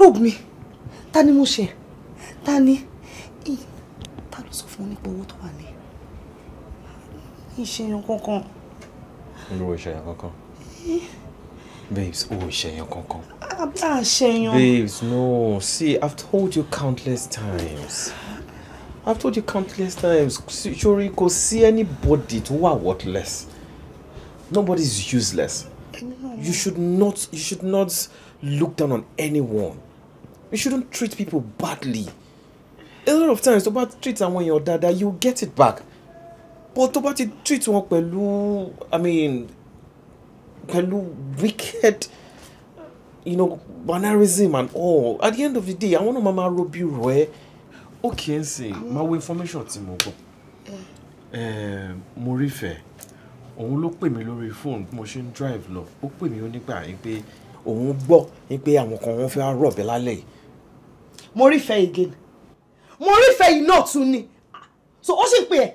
rob mi Tani. ni mo ṣe ta ni ta ló sọ fún mi nípa owó tó wà irú ìṣẹ̀yàn kankan. Babes, oh, ìṣẹ̀yàn kankan. Ah, ìṣẹ̀yàn. Babes, no. See, I've told you countless times. I've told you countless times. Surely, go see anybody tó wà worthless. Nobody is useless. You should not. You should not look down on anyone. You shouldn't treat people badly. A lot of times, tó bá treat àwọn èèyàn dáadáa, you get it back but tó bá ti treat wọn pẹ̀lú i mean pẹ̀lú wicked you know banarism and all at the end of the day àwọn náà máa máa robi rọ ẹ. ó kì í ṣe máa wo information tí mo gbọ́ ehm, mo rí fẹ́ òun ló pè mí lórí fóònù bí mo ṣe ń drive lọ ó pè mí ó nígbà yín pé òun gbọ́ yín pé àwọn kan wọ́n fẹ́ rọ̀bẹ lálẹ́ yìí. mo rí fẹ́ again mo rí fẹ́ yìí náà tún ni so ó sì pè é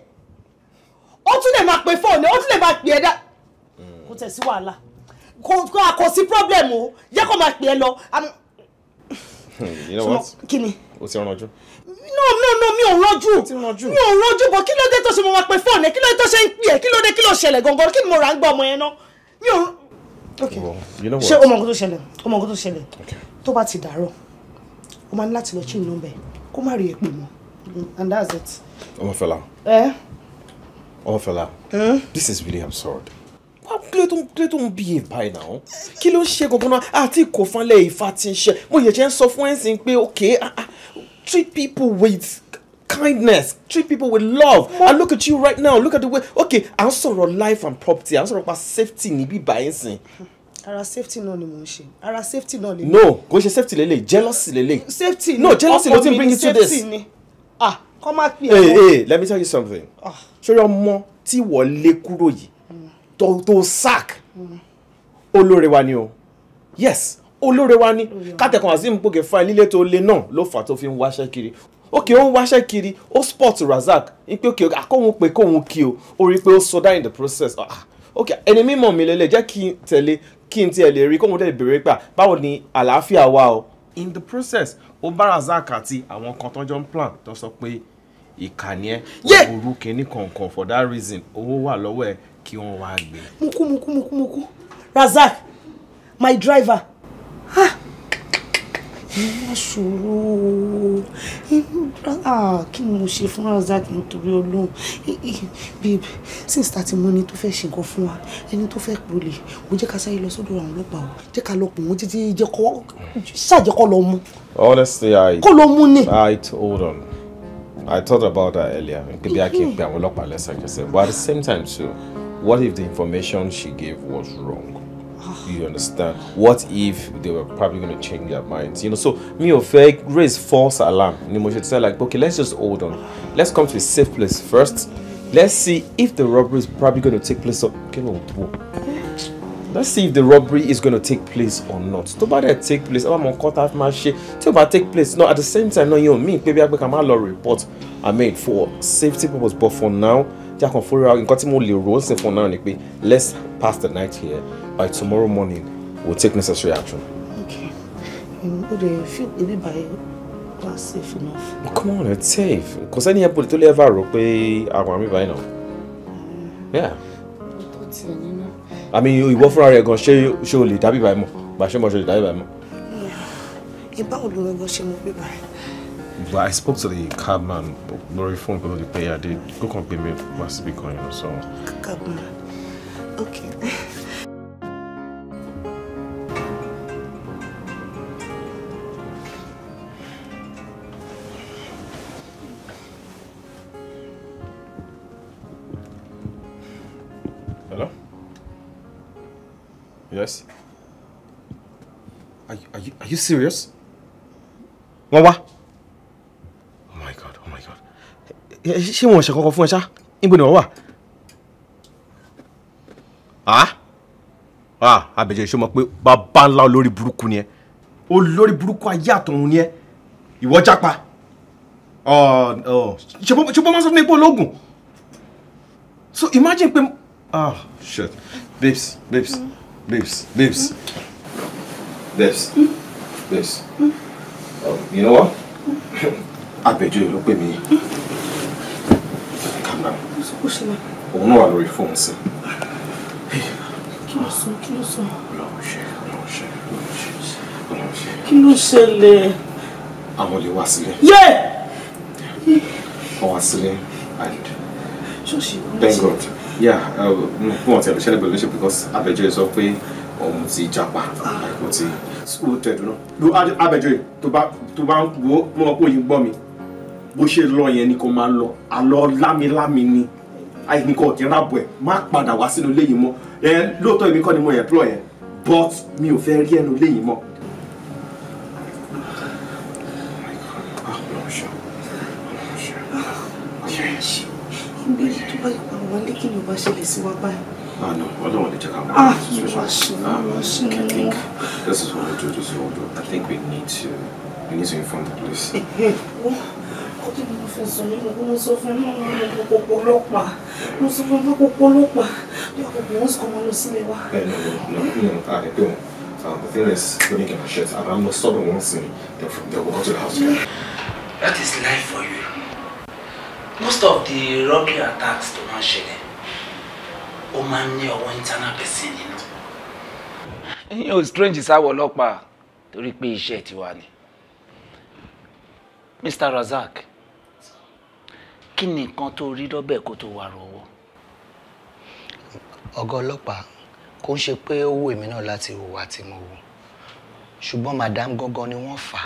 ó tún lè máa pe fóònù ó tún lè máa pè é dá kò tẹ̀ sí wàhálà kò sí problem o jẹ́ kó máa pè é lọ. you know what kí ni. o ti rànjú. no no no mi ò rànjú mi ò rànjú bọ kí ló dé tó ṣe mo máa pe fóònù ẹ kí ló dé tó ṣe ń pè é kí ló dé kí ló ṣẹlẹ̀ gangan kí mo rà ń gbọ́ ọmọ yẹn náà mi ò. okay ṣé o mọ nǹkan tó ṣẹlẹ̀ o mọ nǹkan tó ṣẹlẹ̀ tó bá ti dàárọ̀ o máa ní láti lọ chin number kó má rí èpè mọ́ and that's it. ọmọ fẹlá. ẹ. Eh? Ofela, oh, hmm? this is really absurd. Kílé tó ń kílé tó ń bí by now? Kí ló ń ṣe gbogbo náà? Àti kò fanlẹ̀ ìfà ti ń ṣe. Mo yẹ̀ ṣe ń sọ fún ẹ̀sìn pé okay ah, ah, treat people with kindness treat people with love Mom. and look at you right now look at the way okay à ń sọ̀rọ̀ life and property à ń sọ̀rọ̀ pa safety ní bíbá ẹ̀ sìn. ara safety náà ni mo ń ṣe ara safety náà lè. no kò ṣe safety lele jealousy lele. safety no jealousy ló ti bring you to this. ọkọ mi ni safety ni ah kọ́ máa pè é. hey hey let me tell you something. Oh sórí ọmọ tí wọ́n lé kúrò yìí tó tó sack olóore wa ni o yes olóore wa ni kátẹ̀kùn azeem gbòkè fa ilé tó le náà ló fà tó fi ń wáṣẹ́ kiri òkè ó ń wáṣẹ́ kiri ó spot razak ipe òkè akóhun pé kóhun kí o ó rí i pé ó sọdá in the process òkè ah, ah. ẹni mímọ̀ mi lélẹ̀ jẹ́ kí n tẹ̀lé kí n tiẹ̀ lè rí kóhun tẹ̀lé béèrè gbà báwo ni àlàáfíà wa o in the process ó bá razak àti àwọn kan tó jọ ń plan tó sọ pé ìkànnì ẹ òru kìíní kankan for that reason owó wà lọ́wọ́ ẹ kí wọ́n wá gbé. muku muku muku muku Razak my driver ah! ìwọ ṣòro ah, kí ni mo ṣe fún Razak nítorí olóhùn babe since tá ti mú ẹni tó fẹ́ ṣe nǹkan fún wa ẹni tó fẹ́ pòlè mo jẹ́ ká sáré lọ sọ́dọ̀ àwọn ọlọ́pàá o jẹ́ ká lọ pò wọ́n títí jẹ́ kọ́ ṣàjẹ́kọ́ lọ mú. honestly i. kó lọ mú ni. i told on. I thought about that earlier. But at the same time, too, what if the information she gave was wrong? You understand? What if they were probably going to change their minds? You know, so me or fake raise false alarm. You she said, like, okay, let's just hold on. Let's come to a safe place first. Let's see if the robbery is probably going to take place. Okay, no, let's see if the robbery is going to take place or not To bá dẹ̀ take place I'm bá mọ nǹkan tá a fi máa ṣe tí take place no at the same time náà yẹn ò mí pé bí agbẹ́ka máa lọ report i made for safety purpose but for now jákàn fúnra four hours, mo lè rò ó sìn For now, let's pass the night here by tomorrow morning we'll take necessary action. okay o um, dey feel ibi báyìí wa safe enough. come on it's safe kò sẹ́ni ẹ̀bùn tó lè ever rò pé àwọn àmì báyìí now. Uh, yeah àmì ìwọ fúnra rẹ gan ṣé ṣé o lè dábì báyìí mọ̀ gbà ṣé mo ṣe lè dábì báyìí mọ̀. ìbáwò ló ń gan ṣe mo gbé báyìí. But I spoke to the cabman lórí fóònù pẹ̀lú the player they go come pay me for my speaker you know so. cabman okay. Are you serious? Wọ́n wá. Oh my God, oh my God. Ṣé wọn ṣe kankan fún ẹ ṣá? Níbo ni wọ́n wà? Ah? Ah, àbẹ̀jẹ̀ ìṣó mọ̀ pé bàbá ńlá olórí burúkú ni ẹ. Olórí burúkú ayé àtọ̀run ni ẹ. Ìwọ jápa. Ṣé bọ́ máa sọ fún mi pé ológun? So imagine pé. Ah, shit. Babes, babes, babes, babes. Babes. Mm. Yes. Mm. Um, you know what? I ló you, mí. Calm me. Come now. wà lórí fóònù sí. Kí ló sọ? Kí ló sọ? Ọlọ́run ṣe, ọlọ́run ṣe, ọlọ́run ṣe, ọlọ́run ṣe. Kí ló ṣẹlẹ̀? Àwọn olè wá sílẹ̀. Yé! Wọ́n wá sílẹ̀ and thank God. Yeah, uh, fún ọ̀tí àbẹ̀ṣẹ́lẹ̀ pẹ̀lú ṣe because Àbẹ̀jọ́ sọ pé òun ti japa. Àìkú ah. ti school tẹ̀dúná abẹ́jọ́ yìí tó bá tó bá wo mo mọ̀ pé òyìn gbọ́ mi bó ṣe lọ yẹn ni kò máa lọ àlọ́ lámilámi ni àyìnbí kò kí n rábọ̀ ẹ̀ má padà wá sínú ilé yìí mọ́ ẹ lóòótọ́ èmi kọ́ ni mo employ yẹn but mi ò fẹ́ rí ẹnu ilé mọ́. Bí tó bá yọ̀ pàrọ̀ wọlé kí ló bá sí wa báyìí. Ah, no, I don't want to check out my ah, situation. Ah, um, I think this is what we'll do. This is what we'll do. I think we need to, we need to inform the police. ó ti mo fi sùn nínú mo sọ fún mi ní kókó ọlọ́pàá mo sọ fún mi kókó ọlọ́pàá bí àkókò wọn sọ wọn lọ sílé wa. ẹ ẹ no no no no i don't um, the thing is let me get my shirt and i'm not stopping once in they'll, they'll go to the house again. that is life for you most of the robbery attacks tó máa ń ṣẹlẹ̀ ó máa ń ní ọwọ́ internal person nínú. ẹ̀yin ò strange sáwọ́ ọlọ́pàá torí pé iṣẹ́ tiwa ni. Mr. Razak kí ni nǹkan tó rí lọ́bẹ̀ kó tó wà rọwọ́. ọ̀gá ọlọ́pàá kò ń ṣe pé ó wù èmi náà láti hùwà tí mo wù ṣùgbọ́n madam gangan ni wọ́n fà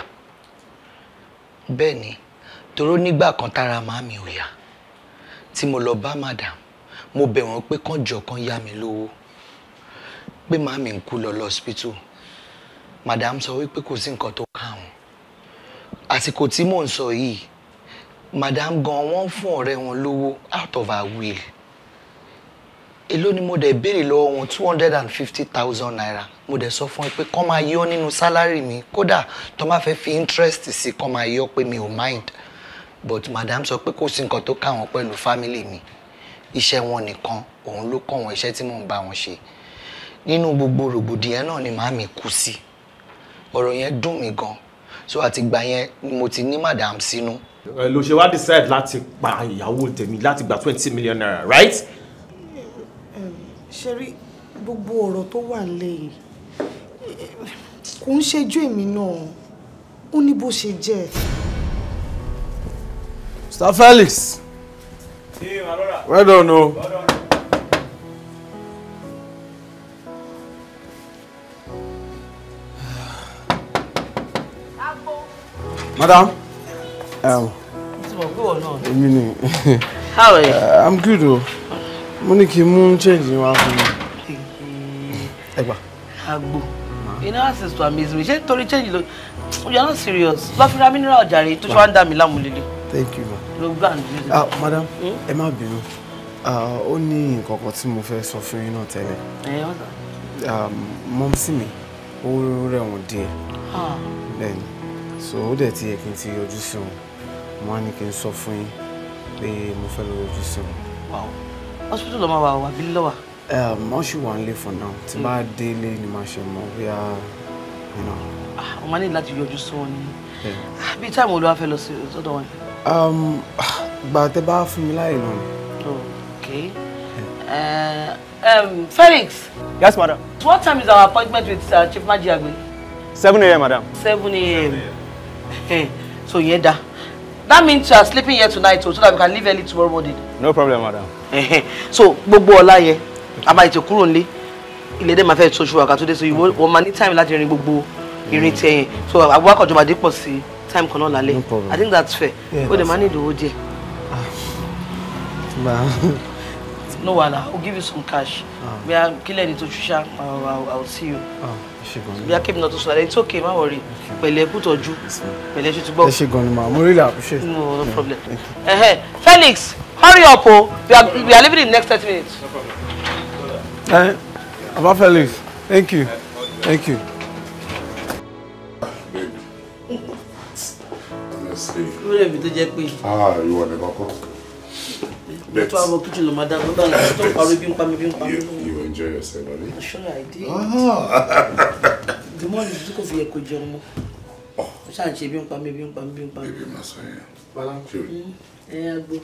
bẹ́ẹ̀ ni toró nígbà kan tára màmí ò tí mo lọ bá madam mo bẹ̀ wọ́n pé kànjọ kan yá mi lówó pé màámi ń kú lọ lọ́sípítù madam sọ wípé kò sí nǹkan tó kàn án àsìkò tí mò ń sọ yìí madam gan wọ́n fún ọ̀rẹ́ wọn lówó out of her will èló ni mo dẹ̀ béèrè lọ́wọ́ wọn two hundred and fifty thousand naira mo dẹ̀ sọ fún ẹ pé kó máa yọ nínú sálárì mi kódà tó máa fẹ́ fi interest sí kó máa yọ pé mi ò mind but madam sọ pé kò sí nǹkan tó kàn wọ́n pẹ̀lú family mi iṣẹ́ wọn nìkan òun ló kọ́ wọn iṣẹ́ tí mò ń bá wọn ṣe nínú gbogbo rògbòdìyàn náà ni màámi kú sí ọ̀rọ̀ yẹn dùn mí gan so àtìgbà yẹn mo ti ní madam sínú. ló ṣe wá decide láti pa ìyàwó tèmi láti gba twenty million naira right. ṣe rí gbogbo ọ̀rọ̀ tó wà lẹ́yìn kò ń ṣejú èmi náà ó ní bó ṣe jẹ́. Mr. Felix. Well done, no. Oh. Well done. Madam. Um, èmi ni. How are you? Uh, I'm good o. Oh. Mo ní kí n mú change wá fún mi. Ẹgbà. Agbo. You know access to amaze me. Ṣé torí change lo? You not serious. Lọ fi ra mineral jàre tó ṣe wá ń dà mí Thank you ma ah madam ẹ má bínú ah, ó ní nǹkan kan tí mo fẹ́ sọ fún yín náà tẹ́lẹ̀ ah, mọ́mísì mi ó rẹ̀wọ̀n díẹ̀ ah. bẹ́ẹ̀ so ó dẹ̀ ti yẹ kí n ti yọjú sí wọn mo á ní kí n sọ fún yín pé mo fẹ́ lọ yọjú sí wọn. hospital ló máa wà wà bí lọ́wà. wọ́n ṣì wà nílé for now tí bá hmm. délé ni màá ṣe mọ̀ bóyá. wọ́n máa ní láti yọjú sí wọn ni bí táìmù olúwa fẹ́ lọ sí ọ̀dọ̀ wọn. Um, gbà tẹ bá fún mi láàyè náà. okay uh, um, Felix. yes madam. what time is our appointment with uh, Chief Magiagbe. seven a.m. madam. seven a.m. Eh, so yẹn da that means you are sleeping here tonight so, that we can leave early tomorrow morning. no problem madam. Eh, so gbogbo ọ̀la yẹn a máa tètè kúrò nílé ilé dé máa fẹ́ ṣoṣù àkàtúndé so wọ́n máa ní time láti rin gbogbo ìrìn hmm. tiẹ̀ so àbúrò àkànjọba dé pọ̀ sí i time kan náà lálẹ́ i think that's fair o the máa ní ìdòwò díẹ̀. Ah. no wahala i will give you some cash bí a kílẹ̀ ní to ṣiṣẹ́ i will see you bí a kébì not tó sọ̀rọ̀ it's okay má wọrí pẹ̀lẹ́ kú tọ́jú pẹ̀lẹ́ ṣe ti gbọ́. ẹ ṣe gan ni ma mo really appreciate. no no problem. Felix hurry up o we are, we are leaving in next thirty minutes. No problem. Uh, Abba Felix, thank you. Thank you. you lórí ẹ̀mí tó jẹ́ pé. Ah, ìwọ ni kọ́kọ́. ètò àwọn kìtì ló máa dáná báyìí tó ń parí bí ń pa mi bí ń pa mi. you enjoy yourself abi. sure I did. the ah. more you do kò fi yẹ kó jẹun mọ́. ó ṣáà ń ṣe bí ń pa mi bí ń pa mi bí ń pa mi. bébí máa sọ yẹn. bala ṣe o. ẹ agbo.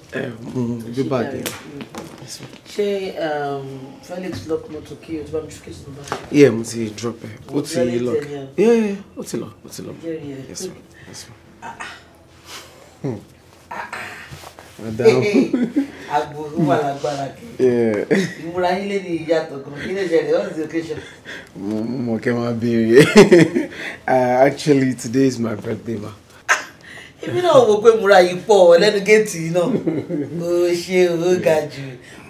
Mm, ẹ bí báàgì. Mm-hmm. ṣé um, Felix lock motor kí o ti bá mi ṣú kéṣin bá. iye mo ti drop ẹ o ti lock ó ti lọ ó ti lọ ó ti lọ yes ma yes ma àbùkù wà lágbára kìí ìmúra yín lé ní ìyàtọ̀ kan kí lè ṣẹlẹ̀ what's the occasion. mo mọ kẹ́ máa béèrè uh, actually today is my birthday ma. Ah, èmi náà wò pé múra yìí pọ̀ lẹ́nu géètì náà o ṣe o ga jù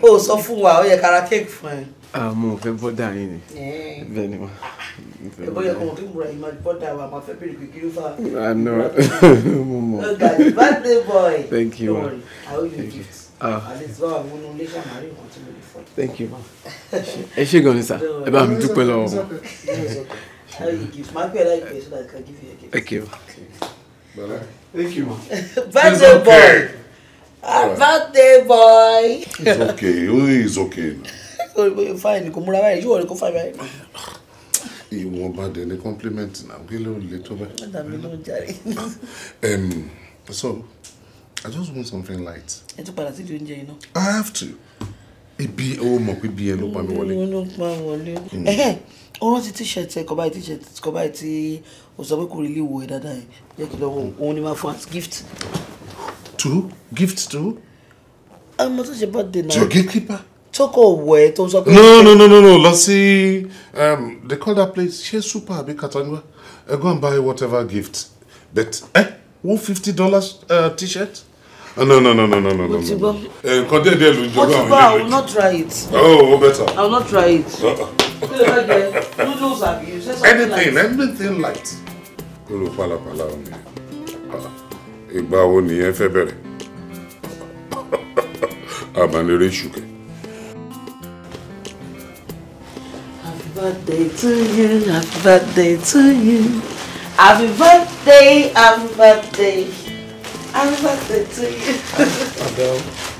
o sọ fún wa ó yẹ kára kéèkì fún ẹ. Ah, mo fẹ́ bọ́dà yín ni eh. bẹ́ẹ̀ ni ma. ẹ eh, bóyá ọmọ kí mura ìmọ̀ bọ́dà wa máa fẹ́ bèrè kékeré fa. àná ah, mo mọ. ọgá birthday boy. thank you ma how you gift. àlejò àwọn ọmọ ilé ṣàmárì kan tí mo lè fọ. thank you ma ẹ ṣé gan ni sá ẹ bá mi dúpẹ́ lọ́wọ́ ma. how you gift máa gbé láì pẹ́ so that I can give you a gift. thank you ma. thank you ma. birthday boy. birthday boy. it's okay only ah, it's okay now kò fáìn kò múra báyìí yóò rí kó fáìn báyìí. ìwọ̀nba dẹ̀ ni compliment náà gbé ló le tó bẹ́ẹ̀. ọ̀dà mi ló jáde. so i just want something light. ẹ tún padà sí ibi oúnjẹ yìí i have to ibi owó mọ̀ pé ibi yẹn ló pa mi wọlé. ló pa wọlé. ó hmm. rántí t-shirt ẹ kọ́báyì t-shirt kọ́báyì tí o sọ pé kò rí ilé ìwò ẹ dáadáa yẹn jẹ́ kí lọ́wọ́ òun ni máa fún as gift. two gift two. ọmọ tó ṣe birthday náà. to a gatekeeper tó kò wọ ẹ tó sọ pé. no no no no no lọ sí um, they call that place ṣé super àbí kataniwa uh, go and buy whatever gift but eh, one fifty dollars uh, t-shirt. Uh, no, no, no, no, no, no, no. Otibo. Eh, nkan díẹ̀ àwọn ilé. Otibo, I will not try it. Oh, oh better. I will not try it. Uh-uh. Noodles Anything, light. anything light. Olú pàlàpàlà ò ní. Ìgbà wo nìyẹn fẹ́ bẹ̀rẹ̀? Àmàlẹ́rẹ́ ṣùkẹ́. birthday to you, happy birthday to you. Happy birthday, happy birthday. Happy birthday to you. Adele,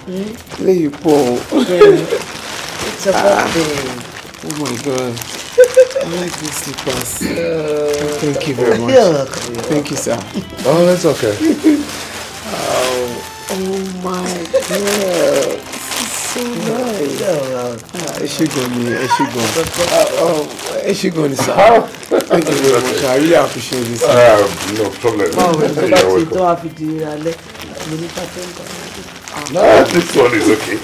hmm? there you Paul. It's a birthday. Ah. Oh my God. I like these slippers. Uh, Thank you very much. You're Thank you, sir. Oh, that's okay. oh, oh my God. ẹ ṣé gan ni ẹ ṣé gan ẹ ṣé gan ni sá thank you i really appreciate this. no problem. báwo this one is okay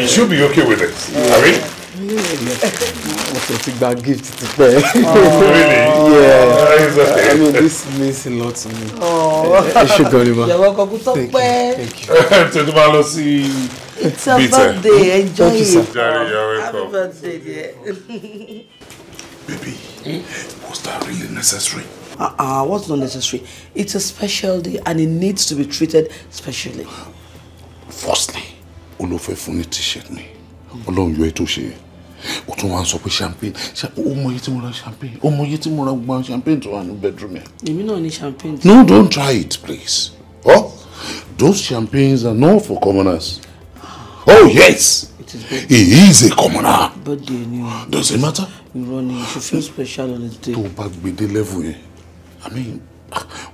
you should be okay with it. Yeah. I mean, Yeah, also took that gift to pay. Oh, really? Yeah. Okay. I mean, this means a lot to me. Oh. Ẹ ṣé gan ni ma. Thank you. Thank you. Thank you. It's a your birthday. Enjoy Thank you, sir. it. Daddy, you're welcome. Happy birthday, dear. Baby, hmm? was that really necessary? Uh-uh, what's not necessary? It's a special day and it needs to be treated specially. Firstly, Olúfẹ́ funi ní t-shirt ni. Ọlọ́run yọ ẹ́ tó ṣe o tún wá sọ pé champagne o mọ iye tí mo ra champagne o mọ iye tí mo ra gbogbo àwọn champagne tó wà ní bedroom yẹn. èmi náà ní champagne. no don't try it please oh those champagnes are not for commoners oh yes he is a commoner. birthday does it matter. irọ́ ni you should feel special on the day. tó o bá gbèdé level yẹn i mean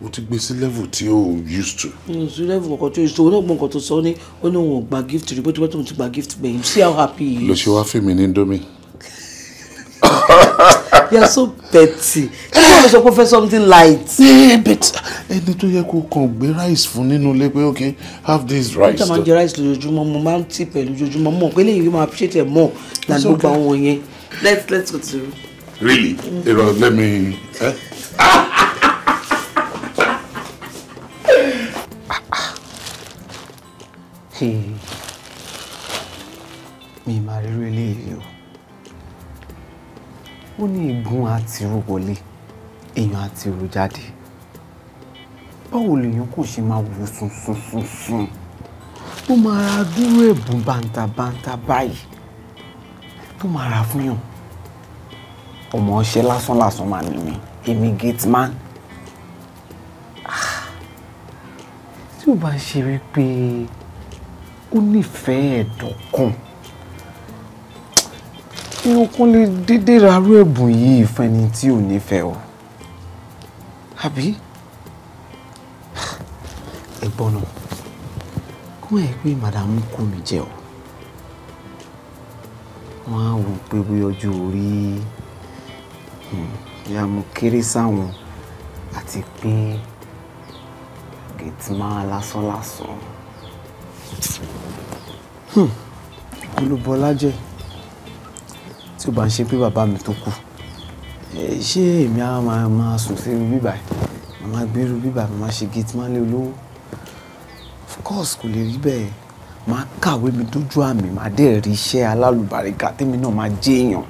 o ti gbé sí level tí o used to. sí level ọkọ tó ìṣòro náà gbọ́n kan tó sọ ní ó ní òun gba gift rí bó ti bá tóun ti gba gift gbẹ̀yìn see how happy he is. lọ ṣe wá fún mi ní indomie. you are so petty. ṣé kí wọ́n sọ pé fẹ́ something light. Eh, ẹni tó yẹ kó kàn gbé rice fún nínú ilé pé ok have this rice. mo máa ń jẹ rice lójoojúmọ́ mo máa ń tì pẹ̀lú lójoojúmọ́ mo pé lẹ́yìn yóò máa appreciate ẹ̀ more than gbogbo àwọn yẹn let's let's go to the room. really mm -hmm. it was let me. Eh? Ah! mi máa rí irú eléyìí o ó ní igun àtìrú wọlé èèyàn àtìrú jáde báwo lèèyàn kò ṣe máa wò sùn ó máa ra dúró ẹ̀bùn bàǹtàbàǹtà báyìí tó máa ra fún yàn ọmọ ọṣẹ lásán máa ní mi èmi gate man ah. tí ó bá ṣe wípé ó nífẹ̀ẹ́ ẹ̀dùn kan inú kún lè dédé rarú ẹ̀bùn yìí fún ẹni tí ò nífẹ̀ẹ́ o àbí ẹ̀gbọ́n náà kó ẹ̀ pé madam kú mi jẹ o wọ́n á wò pé bí ọjọ́ orí ìyá hmm, mo kéré sáwọn àti pé gẹ̀tìmá lásán lásán. Hmm. olúbọlájẹ tí ó bá ń ṣe pé bàbá mi tó kú ṣé èmi á máa máa sùn sí irú bíbà màmá gbé bíbà màmá ṣe gate máa lé olówó of course kò lè rí bẹ́ẹ̀ màá kàwé mi dójú àmì màá dẹ̀ rí iṣẹ́ alálùbáríkà tèmi náà máa jẹ́ èèyàn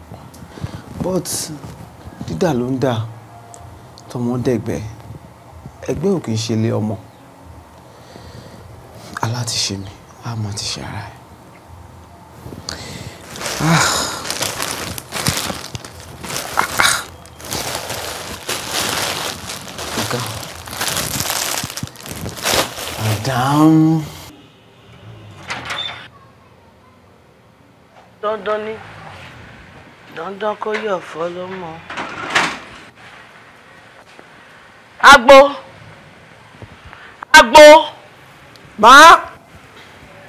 but dídà ló ń dà tọmọdẹ̀gbẹ́ ẹgbẹ́ ò kì í ṣe ilé ọmọ aláti ṣe mi a máa ti ṣe ara ẹ̀. Go Madam. don't ni. Don't don't call your follow mọ. Agbo. Agbo. Ma.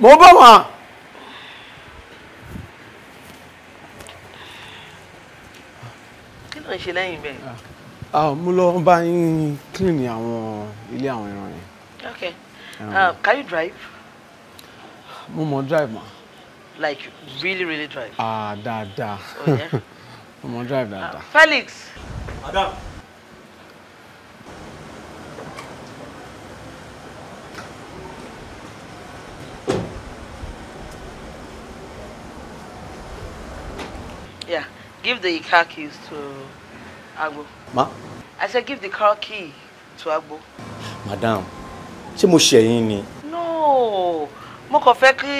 Mo bọ̀ wá. ń ṣe lẹ́yìn bẹ́ẹ̀. Ah, ah, mo lọ bá yín clean àwọn ilé àwọn ẹran yẹn. okay ah, can you drive. mo mọ drive ma. like really really drive. ah dáadáa oh, mo mọ drive dáadáa. Felix. madam. Yeah, give the car keys to Agbo. Ma? I said give the car key to Agbo. Madam, ṣé mo ṣe yín ni? No, mo kàn fẹ́ kí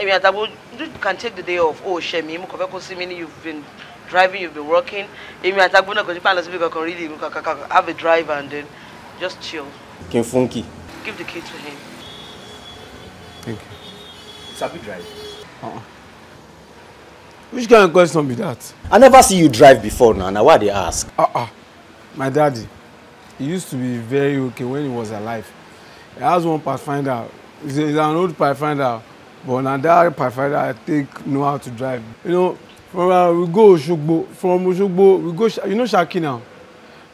èmi àtàbò you can take the day off. Oh, ṣe mi, mo kàn fẹ́ kó sinmi ni you've been driving, you've been working. Èmi àtàgbò náà kò sí pàlọ́ síbi kankan really kankan have a drive and then just chill. Kí n fún kí? Give the key to him. Thank you. Sabi drive. Uh-uh which kind of question be that. i never see you drive before now Now why they ask. ah uh ah -uh. my daddy he used to be very okay when he was alive he has one pathfinder he's, an old pathfinder but na that pathfinder i think know how to drive you know from uh, we go Osogbo from Osogbo we go you know Shaki now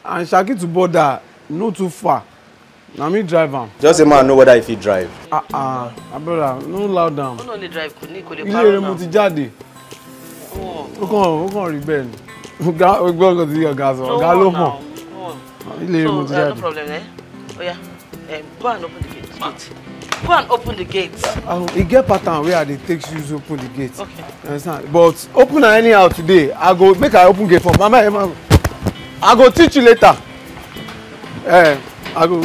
and Shaki to border not too far Now me drive him. just a man know whether he fit drive. ah ah brother, no loud down. ó náà lè drive kò ní kò lè parọ́ náà ó kàn ó kàn rí bẹ́ẹ̀ ni ọ̀gá gbọ́ nǹkan tí ọ̀gá sọ ọ̀gá ló mọ̀ ilé mo ti uh, jáde. Eh? Oh, um, go and open the gate. Go and open the gate. Um, e get pattern wey I dey take use open the gate. Okay. understand? But open am anyhow today. I go make I open gate for Mama Emma. I go teach you later. Eh, I go.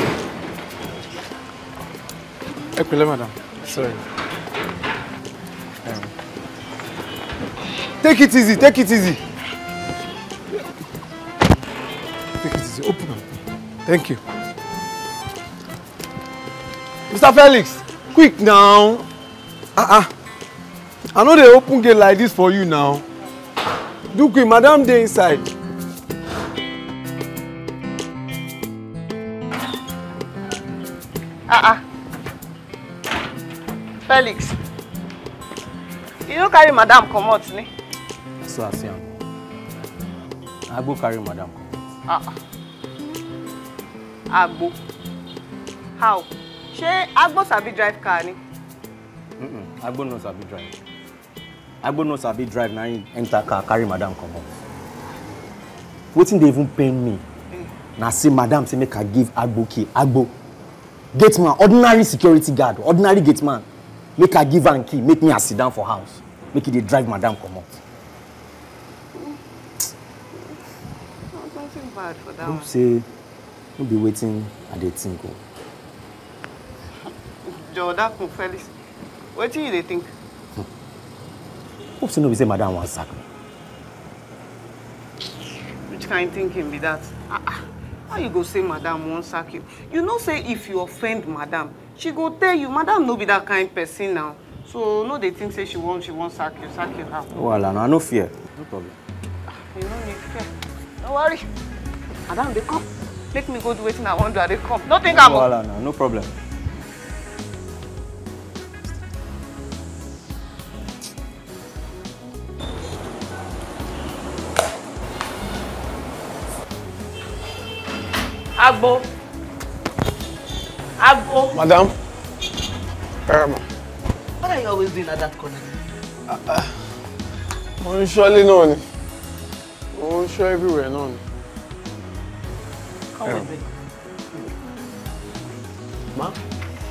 Ẹ pẹ̀lẹ́ madam. Sorry. Take it easy, take it easy. Take it easy, open up. Thank you. Mr. Felix, quick now. Ah ah. I know they open gate like this for you now. Do quick, madam They inside. Ah ah. Felix, you no carry madam comot ne? So I see I go carry madam. Ah. Agbo. How? Ṣé Agbo sabi drive car ni? Mm-mm. Agbo no sabi drive. Agbo no sabi drive na him enter car carry madam comot. Wetin dey even pain me? Na say madam say make I give Agbo key. Agbo gate ordinary security guard ordinary gate make I give am key make me as sit down for house make he dey drive madam comot. that hope one. say no be waiting at the think o. jọ̀wọ́ from felix wetin you dey think. hope say no be say Madame wants sack me. which kind thinking be that. Ah, ah, how you go say Madame wan sack you you know say if you offend Madame, she go tell you Madame no be that kind person now so no dey think say she wan she wan sack you sack you how. no na no fear no problem. Ah, you no need fear no worry madam they come make me go do wetin i wan do i dey come no think no no problem. agbo agbo. madam um, what are you always doing at that corner. Ah, ah. mo ń ṣọ́lé náà ni mo ń everywhere náà Come with me.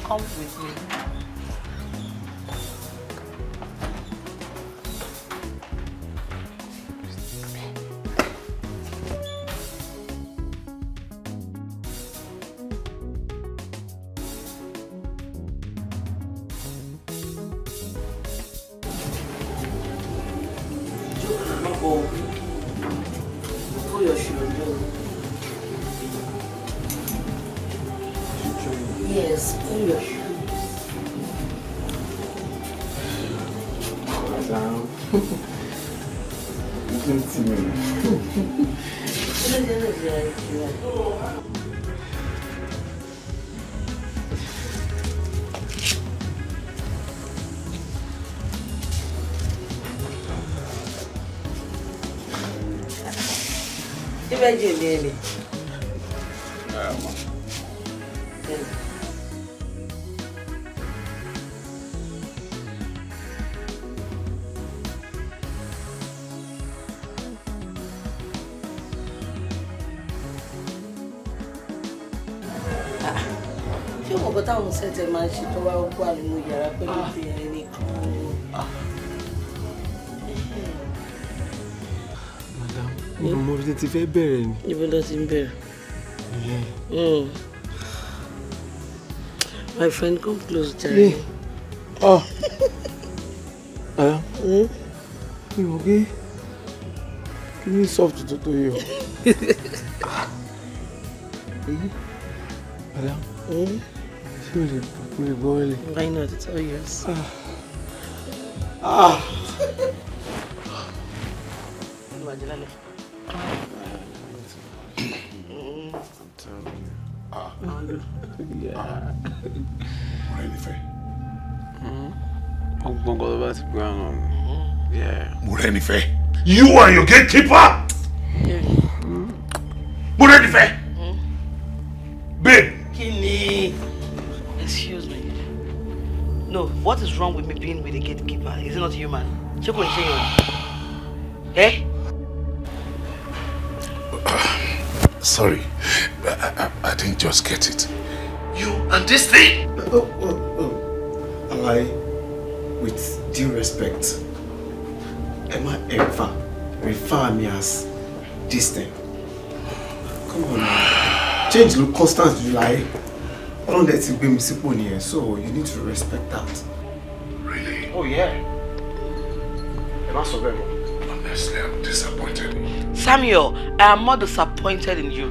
Come with me. Seji Olele. Ah, ṣé mo bọ́ táwọn sẹ́tẹ̀ máa ń ṣe tó wá ó kó ti fẹ́ bẹ̀rẹ̀ ni. ibo ló ti ń bẹ̀rẹ̀. Hmm. my friend come close jare. Ah. Hmm? mi ò gé kí ni soft tó tó yẹ o. Ah. èyí padà hmm? ṣé o lè gbọ́ wẹ́lẹ̀. why not it's all yours. ah. ah. Bungalows Brown. Um, yeah. Murenife. You and your gatekeeper! Murenife! Babe! Kini! Excuse me. No, what is wrong with me being with a gatekeeper? Is it not human? Check on you. Eh? Sorry, I, I, I didn't just get it. You and this thing? Oh, oh, oh. Am I? with due respect Emma má ever refer me as this thing come on now change ló constant July. láyé ọlọ́run dẹ̀ ti gbé mi sípò so you need to respect that. really oh yeah ẹ má sọ bẹ́ẹ̀ honestly i'm disappointed. samuel i am more disappointed in you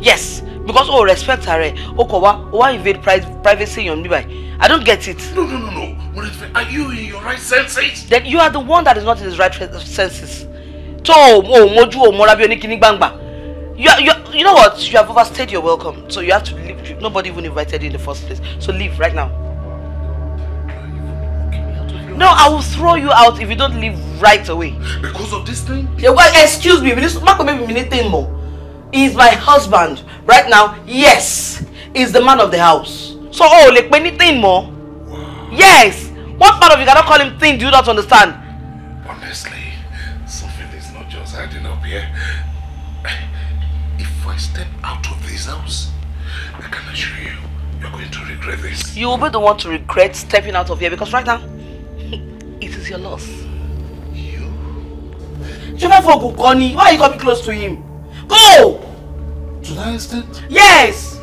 yes because o oh, respect her o kò wá invade privacy on me, báyìí I don't get it. No, no, no, no. Are you in your right senses? Then you are the one that is not in his right senses. So, oh, oh, oh, you, are, you, are, you know what? You have overstayed your welcome. So you have to leave. Nobody even invited you in the first place. So leave right now. No, I will throw you out if you don't leave right away. Because of this thing? Yeah, well, excuse me. Marco maybe anything more. He's my husband. Right now, yes. He's the man of the house so oh, like many ní more. mọ́ yes what part of you cannot call him thing do you not understand. honestly something is not just adding up here if I step out of this house I can assure you you are going to regret this. you will be the one to regret stepping out of here because right now it is your loss. you. Jennifer Gokoni why you coming close to him go. to that extent. yes.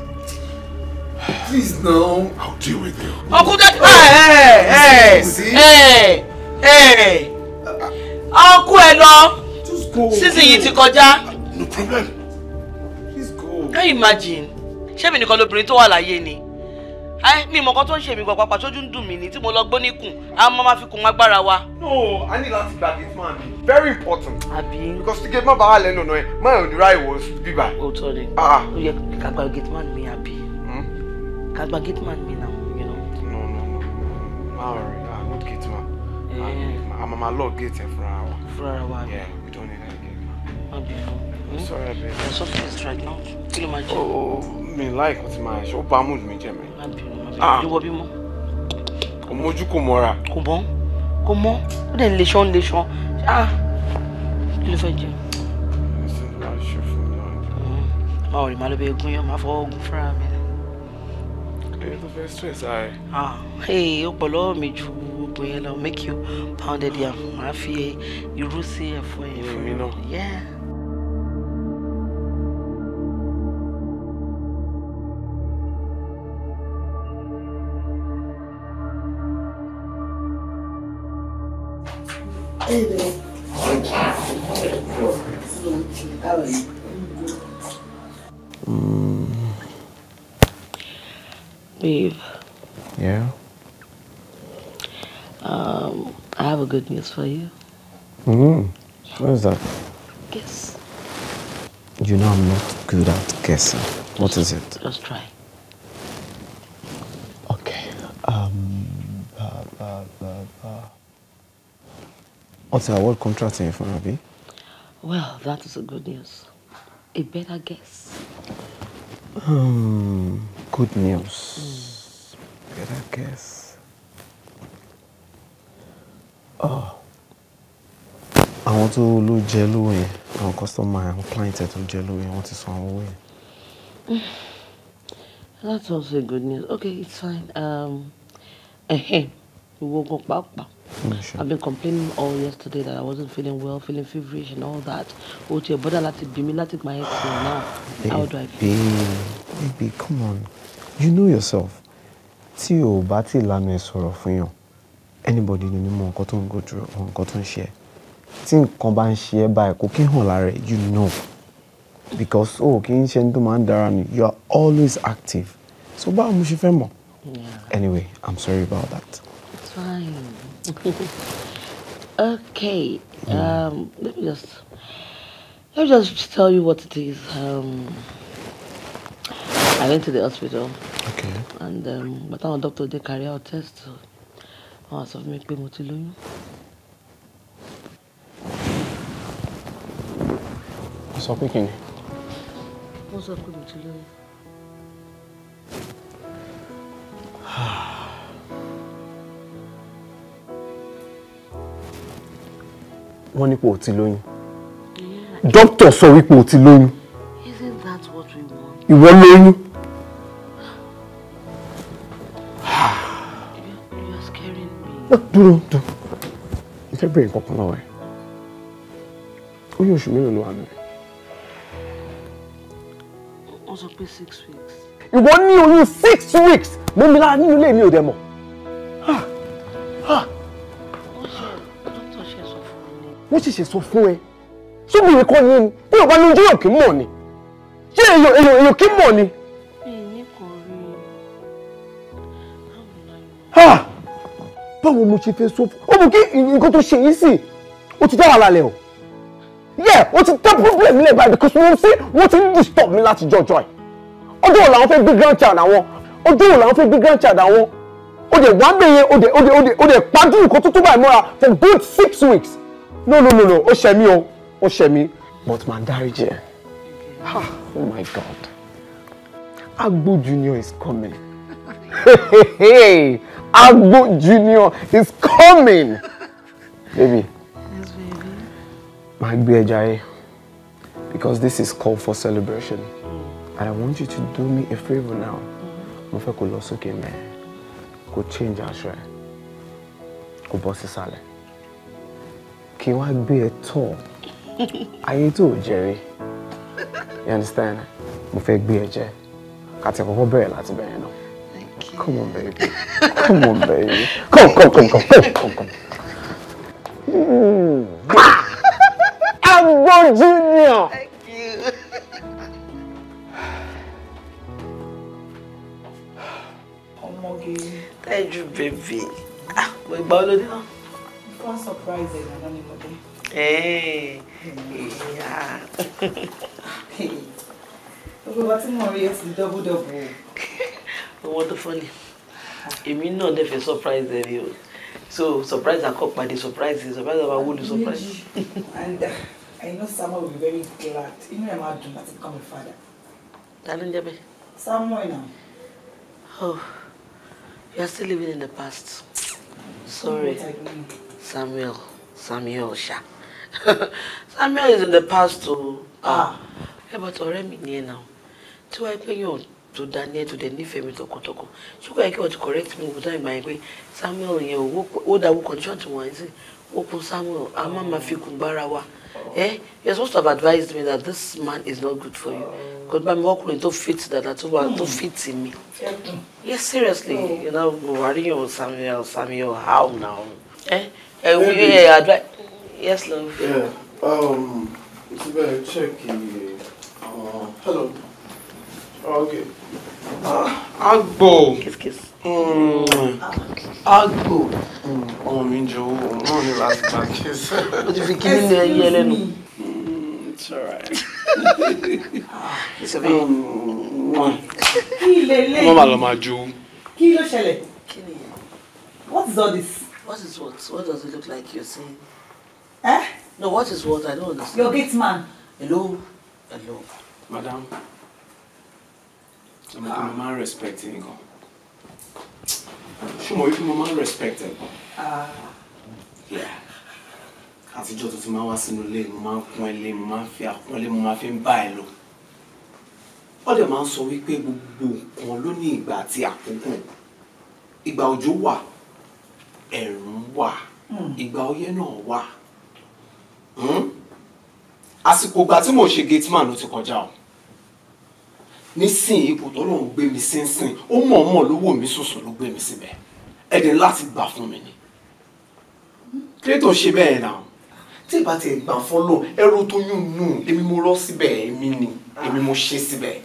Please no. I'll deal with you. Uncle Daddy. Hey, hey, hey, hey. Uncle Elo. Just go. Season yìí ti kọjá. No problem. Please go. Can you imagine? Ṣé mi nìkan lobìnrin tó wà láyé ni? Ẹ mi mọ̀ kan tó ń ṣe go gbọ̀ pàpà sójú ń dùn mí ni tí mo lọ gbọ́ níkùn, a máa ma fi kun agbára No, I need láti gba this man Very important. Abi, Because tí gate man bá wà lẹ́nu ọ̀nà ẹ̀, máa ò ní ra ìwọ̀ bíbá. Òótọ́ ni. Ah. Ó yẹ ká gba gate man mi àbí kagba gateman mi now you know. no no no ma I'm not no yeah. i'm my lord gate fúnra wa. fúnra wa yeah we don't need any gateman. ọdẹ hmm? i'm sorry baby. your something is right now kí ló máa jẹ. o oh, oh, oh. like ọtí máa ṣe ó bá mood mi jẹ mi. má bínú má bínú ah. ìwọ bímọ. kò mójú kò mọra. kò mọ kò mọ ó dẹ̀ ń lè ah kí ló fẹ́ jẹ. báwo ni ma lọ bẹ gún yẹn Ah, hey, you pọ̀ me, mi ju gbogbo yẹn make you pounded yam. Màá fi irú sí you. yẹn fún mi Yeah. Hey there. How are you? Mm. Leave. Yeah. Um, I have a good news for you. Mm. What is that? Guess. You know I'm not good at guessing. Just, what is it? Just try. Okay. Um. Blah, blah, blah, blah. Until what contract you Well, that is a good news. A better guess. Um. Good news. Mm. Better guess. Oh. Àwọn tó ló jẹ lówó yẹn, àwọn customer, àwọn client to jẹ jello in. I want to owó yẹn. That's also good news. Okay, it's fine. Um, we ìwọ gan back. Mm, sure. I've been complaining all yesterday that I wasn't feeling well, feeling feverish and all that. O ti bọ́dà láti bí mi láti my head now. Babe, How do I feel? Babe, babe, come on. You know yourself. Tí o bá ti lanu ẹ̀ sọ̀rọ̀ fún anybody ni mo nǹkan tó go through or nǹkan tó ń ṣe ẹ́. Tí nǹkan bá you know. Because oh kì í ṣe ní tó you are always active. So ba mo ṣe fẹ́ mọ̀? Anyway, I'm sorry about that. It's fine. okay, um, let me just let me just tell you what it is. Um, I went to the hospital. Okay. And um, but our doctor they carry out test. I was of me pe mo ti lóyún. Ó sọ pé kí ni? wọ́n ní pé o ti lóyún dókítà sọ wípé o ti lóyún ìwọ lóyún. dúró dúró ìfẹ́ bèrè nǹkan lọ́wọ́ ẹ̀ oyún oṣù mélòó ló wà nílẹ̀. ìwọ ní oyún six weeks mo mi lára nínú ilé mi ò dẹ̀ mọ̀ wọ́n sì ṣe sọ fún ẹ sóbìnrin kan yín ni bí yorùbá lójú yóò kí mọ̀ ni ṣé èèyàn èèyàn èèyàn kí mọ̀ ni. báwo mo ṣe fẹ́ sọ fún ọ mú kí nǹkan tó ṣe yìí sì ó ti dá wàhálà lẹ o yeah o ti dá problem nílẹ̀ báyìí because mo sí wọ́n ti ń disturb mi láti jọjọ́ ẹ̀ ọjọ́ wo làwọn fẹ́ gbé grandchild àwọn ọjọ́ wo làwọn fẹ́ gbé grandchild àwọn ó dẹ̀ wá bẹ̀yẹn ó dẹ̀ ó dẹ̀ ó dẹ̀ pàdé nǹkan tó tó báyìí mọ́ra for good six weeks no no no no ó ṣe mí o ó ṣe mí but màá dáríjì ẹ oh my god Agbo Junior is coming Agbo Junior is coming baby màá gbé ẹja yẹn because this is called for celebration and I want you to do me a favour now mo fẹ́ kó lọ sókè mẹ́ẹ̀ kó change aṣọ ẹ̀ kó bọ́ sísàlẹ̀ kí wá gbé ẹ tọ̀ ayé tó jẹrè you understand mo fẹ́ gbé ẹ jẹ kàtí àkọ́kọ́ bẹ̀rẹ̀ láti bẹ̀rẹ̀ náà. Come on, baby. Come on, baby. Come, come, come, come, come, come, come. Mm. Agbo Junior. Thank you. Ọmọge. Thank you, baby. Ah, mo ìgbà olóde náà fún surprise ẹ̀ náà ni mo dé. gbogbo wa tí mo rí ẹ ti dọ́bù dọ́bù o. owó tó fọ́ ni èmi náà dẹ̀ fẹ́ surprise ẹ̀ rí o so surprise akọ́pàdé surprise surprise ọba wúlò surprise. and uh, I know Samuel will be very glad inú ẹ̀ máa dùn láti become a father. ta ló ń jẹ́ bẹ́ẹ̀. Samuel náà. Oh, you are still living in the past. Sorry. Samuel, Samuel Sha. Samuel is in the past too. Ah. ah. but already near now. So I náà. you to Daniel to the dá ní ẹ̀ tó dẹ̀ go mi tọkàntọkàn. correct me, gbọ́dọ̀ ìgbà yẹn Samuel you, ó dáwọ́ condition tí to ń Is it? kun Samuel, a má máa fi kún Eh? You're supposed to have advised me that this man is not good for you. Because my work will don't fit that at all, don't fit in me. Yes, seriously. Oh. You know, worrying on Samuel, Samuel, how now? Eh? ẹ wí ẹ yes love. Yeah. Um, It's very check Uh, hello oh, okay Uh, agbo Kiss, ọmọ mi ń jẹ owó òun náà ní last time, kiss. o ti fi kí nínú ẹyẹ lẹ́nu. It's alright. It's okay. Um, kí lè lè. Wọ́n máa lọ máa jó. Kí ló ṣẹlẹ̀? What is all this? What is what? What does it look like you're saying? Eh? No, what is what? I don't understand. Your gate man. Hello? Hello. Madam. I'm ah. a man respecting God. Ṣé mo wípé ah. mo máa Ah, yeah. As you just tuntun máa ń wá sínú ilé, mo máa ń kún ẹ My mo máa ń fi àpọ́nlé, mo máa fi ń bá ẹ lò. Wọ́n dẹ̀ máa ń sọ wípé gbogbo nǹkan ló ní ìgbà àti àkókò. Ìgbà òjò wà, ẹ̀rùn wà hmm. ìgbà ọyẹ́ náà wà hmm? àsìkò ìgbà tí mò ń ṣe gateman ló ti kọjá o nísìn ipò tó lóun gbé mi sínsìn ó mọ̀ọ́mọ̀ ló wò mí sùnsùn ló gbé mi síbẹ̀ ẹ̀dẹ̀ láti gbà fún mi ni kírétò ṣe bẹ́ẹ̀ náà tí ìbá ti gbà fún lò ẹrú tó yún nù èmi mo rọ́ síbẹ̀ èmi ni èmi mo ṣe síbẹ̀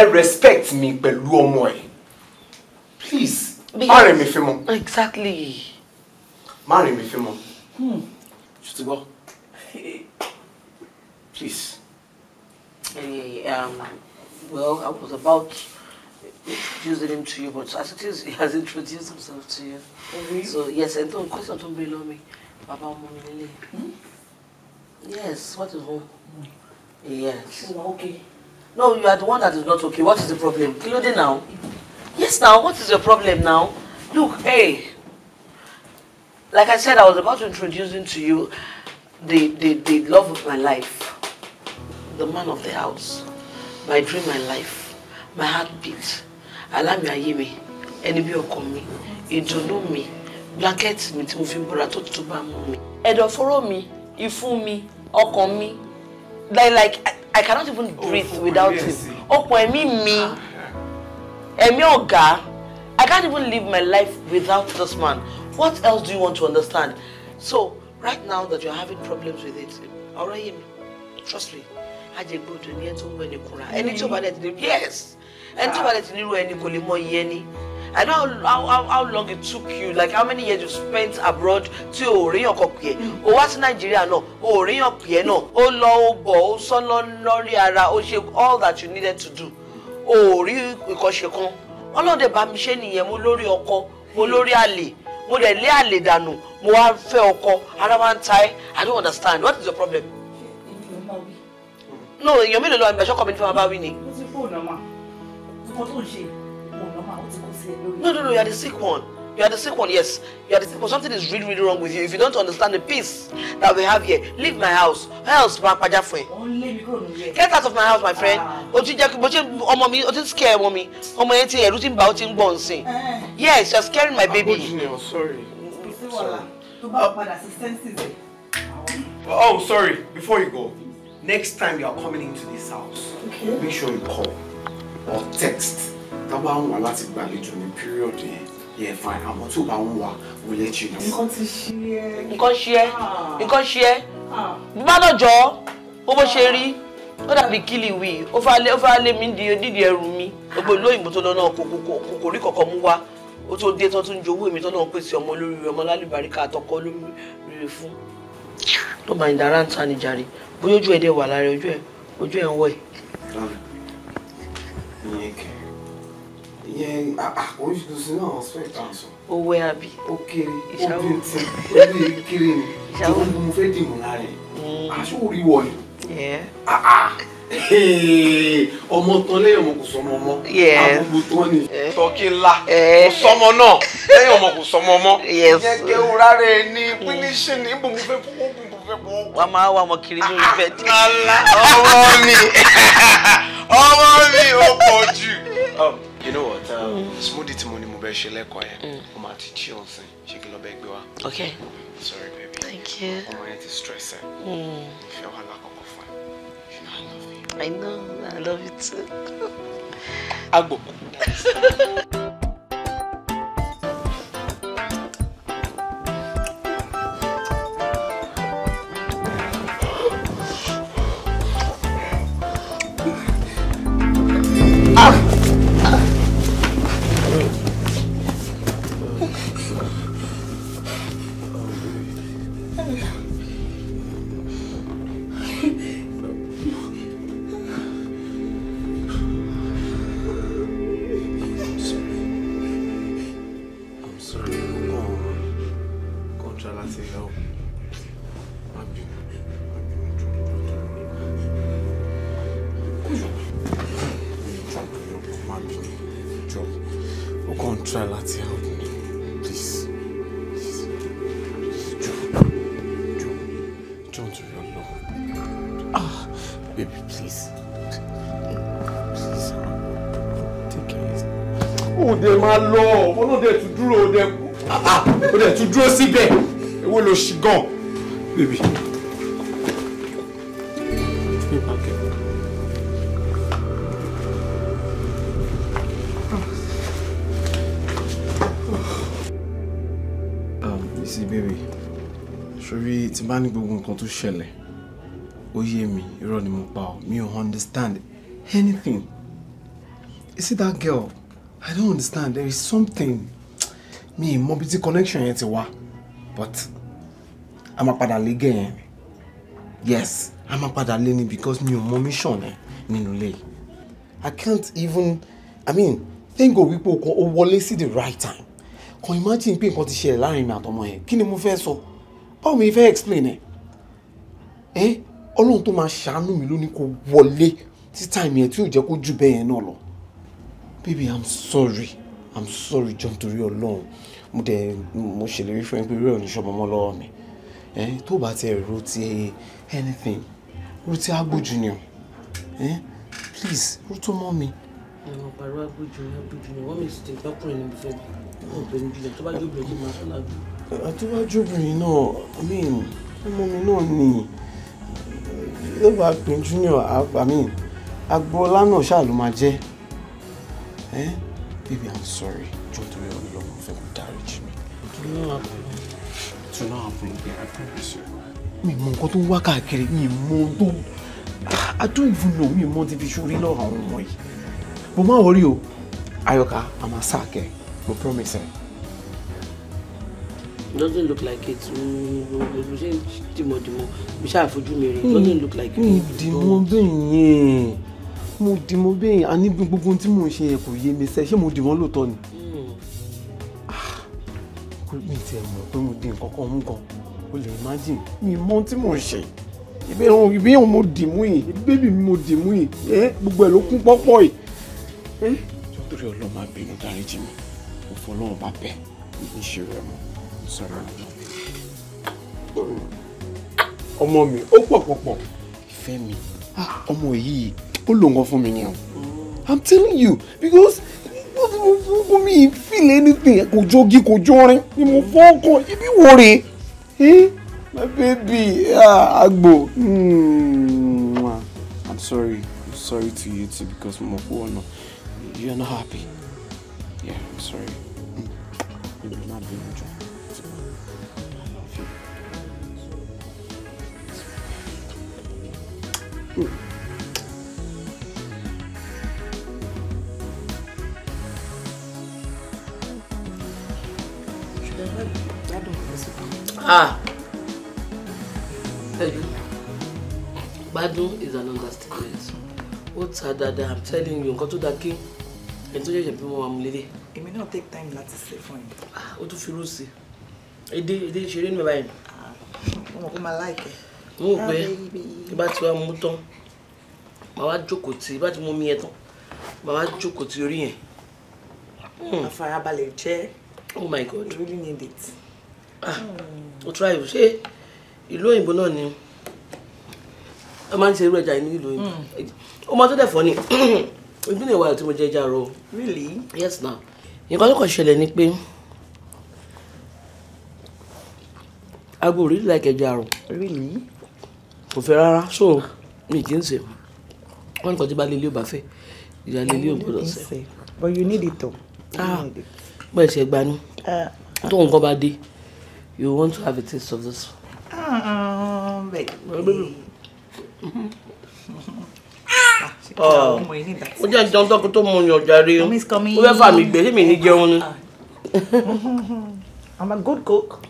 ẹ respect mi pẹ̀lú ọmọ ẹ please má rìn mí fín exactly. Marry me, mí Hmm. mọ́. ṣùtúbọ̀ please. Hey, um, well, I was about introducing him to you, but as it is, he has introduced himself to you. mm So, yes, and don't question to below me. Baba Mumilele. Hmm? Yes, what is wrong? Mm. Yes. okay. No, you are the one that is not okay. What is the problem? Kí ló dé now. hmm Yes, now, what is your problem now? Look, hey, like I said, I was about to introduce to you the, the, the love of my life, the man of the house, my dream, my life, my heartbeat, Alami ayé mi, ẹni bí ọkọ mi, ìdùnnú mi, blanket mi tí mo fi ń bora Edo follow me, mú mi. Ẹ̀dọ̀fóró mi, like, like I, I cannot even breathe oh, without him. Ọ̀pọ̀ me. Ah ẹ̀mí ọ̀gá I can't even live my life without this man what else do you want to understand so right now that you're having problems with it ọ̀rọ̀ yìí mi trust me ajẹgbẹ́ odò ni ẹ tó ń wẹ̀ ní kúnra ẹni tí ó bá dẹ̀ ti ní yes ẹni tí ó bá dẹ̀ ti nírú ẹni kò lè mọ iye ẹni I know how, how, how long it took you like how many years you spent abroad tí o ríyàn kọ pè é o wá sí Nàìjíríà náà o ríyàn pè é náà o lọ o bọ̀ o sọ lọ lórí ara o ṣe all that you needed to do o ò rí ìkọ́ṣe kan ọlọ́dẹ bá mi ṣe nìyẹn mo lórí ọkọ mo lórí àlè mo dẹ̀ lé àlè dànù mo wá fẹ́ ọkọ ara wa ń ta ẹ́ i don't understand what is your problem. no èèyàn mélòó ló wà nígbà ṣọ́kọ ní fún wa bá wí ni. ó ti fóònù ọmọ nǹkan tó ń ṣe òun ọmọ ó ti kó sí ẹ lórí. no no no you are the sick one. You are the sick one, yes. You are the sick one. Something is really, really wrong with you. If you don't understand the peace that we have here, leave my house. Where else, ma paja fun? Get out of my house, my friend. Ah. Ó ti jẹ́ kí ọmọ mi, ó ti scare ọmọ mi. Ọmọ yẹn ti ẹ̀rù ti ń bà, ó ti ń gbọ̀n sí. Eh, eh. Yes, you are scaring my baby. I'm sorry. Oh, sorry. Before you go, next time you are coming into this house, okay. make sure you call or text. Tá bá wà láti gbàlejò ní period yẹn yeah fine àmọ́ tó bá ń we'll let you know. nǹkan ti ṣe é. nǹkan ṣe é ah. nǹkan ṣe é ah. bí má lọ́jọ́ ó bó ṣe rí ó dàbí kílì wí ó fà lé mi dídì ẹrù mi gbogbo ìlú òyìnbó tó lọ náà kò rí kọ̀ọ̀kan mú wá ó tó dé tán tó ń jowó to tán náà ń pèsè ọmọ olórí ọmọ lálùbáríkà àtọkọ olóríire fún ló máa ń dara ń ta nìjàre bóyá ojú ẹ̀ dẹ̀ wà lára ojú ẹ̀ ojú ẹ̀ ń wọ̀ ẹ̀ ìyẹn àkóríṣiríṣi náà wọn fẹ́ tàn sọ. owó àbí. ó kéré obìnrin tí obìnrin kéré ni ìjọba ni mo fẹ́ dìmú lára ẹ̀ mm. aṣọ orí wọ ni. ọmọ tán lẹ́yìn ọmọ kò sọmọ mọ́ àbúrò tán ni. Eh. tọ́kí ńlá eh. kò sọmọ náà lẹ́yìn ọmọ kò sọmọ mọ́. yẹ kẹ́ o rárá ẹ ní mm. pínísì ní ibùgbé fún wọ́n máa wà wọ́n kiri lórí ah, bẹ́ẹ̀dì. ọmọ mi ọmọ mi ò pọ̀ jù. Oh you know what um, mm. smoothie tí mo ní mo bẹ ṣe lẹ́kọ̀ọ́ yẹn mm. mo máa ti tí ọ̀hún sí ṣé kí lọ bẹ gbé wa. okay sorry baby thank you ọmọ yẹn ti stress ẹ ìfẹ́ mm. wà lákọ̀ọ́kọ́ fún ẹ you know I love you. I know I love you too. agbòkú. Ah! Baby, please. Please. Take it easy. Ó dẹ̀ máa lọ, ọ̀nà dẹ̀ tún dúró, ó to draw ah, ah, dẹ̀ tún dúró síbẹ̀. Èwo lo Baby. Give me Um, you see, baby, ṣorí tí bá ní gbogbo nǹkan tó ṣẹlẹ̀ ó yé mi irọ́ ni mo pa ọ́ mi ò understand anything you see that girl i don't understand there is something mi ì mọ connection yẹn ti wá but a máa padà lé gẹ̀ yẹn yes a máa padà lé ni because mi ò mọ mission ẹ nínú ilé yìí i can't even i mean thank god wípé o ó wọlé sí the right time kan imagine pé nǹkan ti ṣẹlẹ̀ láàrin mi àtọmọ yẹn kí ni mo fẹ́ sọ báwo mi fẹ́ explain ẹ Eh? ọlọ́run tó máa ṣàánú mi lónìí kò wọlé tí táìmì tí ò jẹ́ kó jù bẹ́ẹ̀ yẹn náà lọ. baby i'm sorry i'm sorry john torí ọlọ́run mo dẹ̀ mo ṣèlérí fún ẹ pé rẹ̀ ò ní ṣọmọ mọ́ lọ́wọ́ mi ẹ tó bá tiẹ̀ ro ti anything ro ti agbo junior ẹ please ro tó mọ́ mi. ẹ̀wọ̀n pàrọ̀ agbo junior agbo junior wọ́n mi sì ti gbọ́kùnrin níbi fẹ́ mi àtúwájú obìnrin náà i mean ọmọ mi náà nìyí lẹ́gbàá àpín junior àmì agboola náà ṣáà ló máa jẹ́ ẹ́ baby i'm sorry jọ torí ọlọ́run fẹ́ kó dáríjì mi. kí ló wà pẹ̀lú to now happen again i promise you. mi mọ nǹkan tó ń wá káàkiri mi mọ tó i don't even know mi mọ ti fi ṣorí lọ́rọ̀ àwọn ọmọ yìí mo máa wọrí o ayọ̀ká àmàṣà kẹ mo promise you doesn't look like it mo mm, mm, mm, ṣe dìmọ̀dìmọ̀ mo ṣe àfojú mi rè hmm, doesn't look like it. mi hmm, dìmọ̀ bẹ́yìn mo dìmọ̀ bẹ́yìn àní gbogbo tí mo ń ṣe yẹn kò yé mi sẹ́ ṣé mo dìmọ̀ lóòótọ́ ni hmm. ah, mi ti ẹ̀ mọ̀ pé mo di nǹkan kan mú gan o lè imagine mi mọ tí mo ṣe ibi ẹ̀hún ibi ẹ̀hún mo dì mú yìí ibi bèbí mi mo dì mú yìí ẹ eh, gbogbo ẹ̀ ló kún pọ́pọ́ yìí. Eh? nítorí ọlọ́run máa bínú dáríjì mi òfò ọlọ́run bá bẹ̀ ní ìṣirò ẹ̀ mọ́ ọmọ mi ó pọ̀ pọ̀pọ̀. ìfẹ́ mi ah, ọmọ yìí ó lò nǹkan fún mi ni o i'm telling you because gbogbo mi feel anything kò jogi kò jọrin ni mo fọ́ọ̀kọ̀ ibi wo re eh, my baby agbo ah, hmm, i'm sorry i'm sorry to you too because mo kú ọ̀nà you're not happy yeah i'm sorry. Mm. Ah. Ẹ̀jú. Gbádùn is an understatement. What's ta dáadáa, I'm telling you, Uncle, tó dáa kí ẹni tó ṣẹ̀ṣẹ̀ bí wọ́n wà mú lédè. Èmi náà take time láti ṣe fún ẹ. Ah, ó tún fi rú sí. Èdè èdè ṣeré nù báyìí. Ah, mo mọ̀ pé máa mo wò pé tí bá ti wá mú tán màá wá jókòó tí bá ti mú mi yẹn tán màá wá jókòó tí orí yẹn. Hmm. àfarabalẹ̀ jẹ́ oh my god really need it. ah o try o ṣe ìlú òyìnbó náà ni ẹ máa ń ṣe irú ẹja inú ìlú òyìnbó ọmọ hmm. tó dẹ̀ fọ́ ni ojú ni ìwà tí mo jẹ ẹja rọ. really yes na nǹkan tó kàn ṣẹlẹ̀ ni pé agbo really like a rọ. really kò fẹ́ rárá so mi kì í ṣe wọn nǹkan tí bá lélẹ́ ò bá fẹ́ ìyá lélẹ́ ò gbọ́dọ̀ ṣe. but you need it o. ah bẹ́ẹ̀ ṣe gbanú ah. tó nǹkan bá dé you want to have a taste of this. Ah, ah, ó jẹ́ ìjọ tó kó tó mu yàn jàre ó fẹ́ fà mí gbé sí mi ní jẹun ni. I'm a good cook.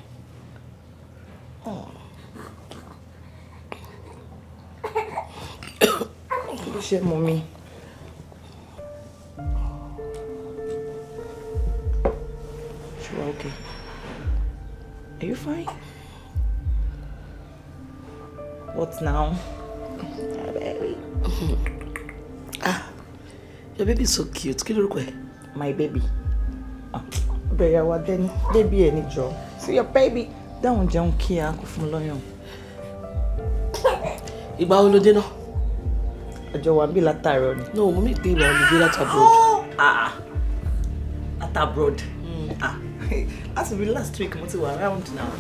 ṣe mọ̀ mi. Sure, okay. Are you fine? What now? ah, your baby is so cute. Kí lorúkọ ẹ̀? My baby. Bẹ̀rẹ̀ wa dẹ́ni, bébí ẹ̀ níjọ. See your baby. Dáhùn jẹun kí a kò fún lọ́yàn. Ìgbà wo ló dé náà? àjọ wà bí látàárọ̀ ni. no mo mi pe ìwà olùgbé látàbọ̀d. Ah, ah. látàbọ̀d hmm. ah. láti rí last week mo ti wà around now.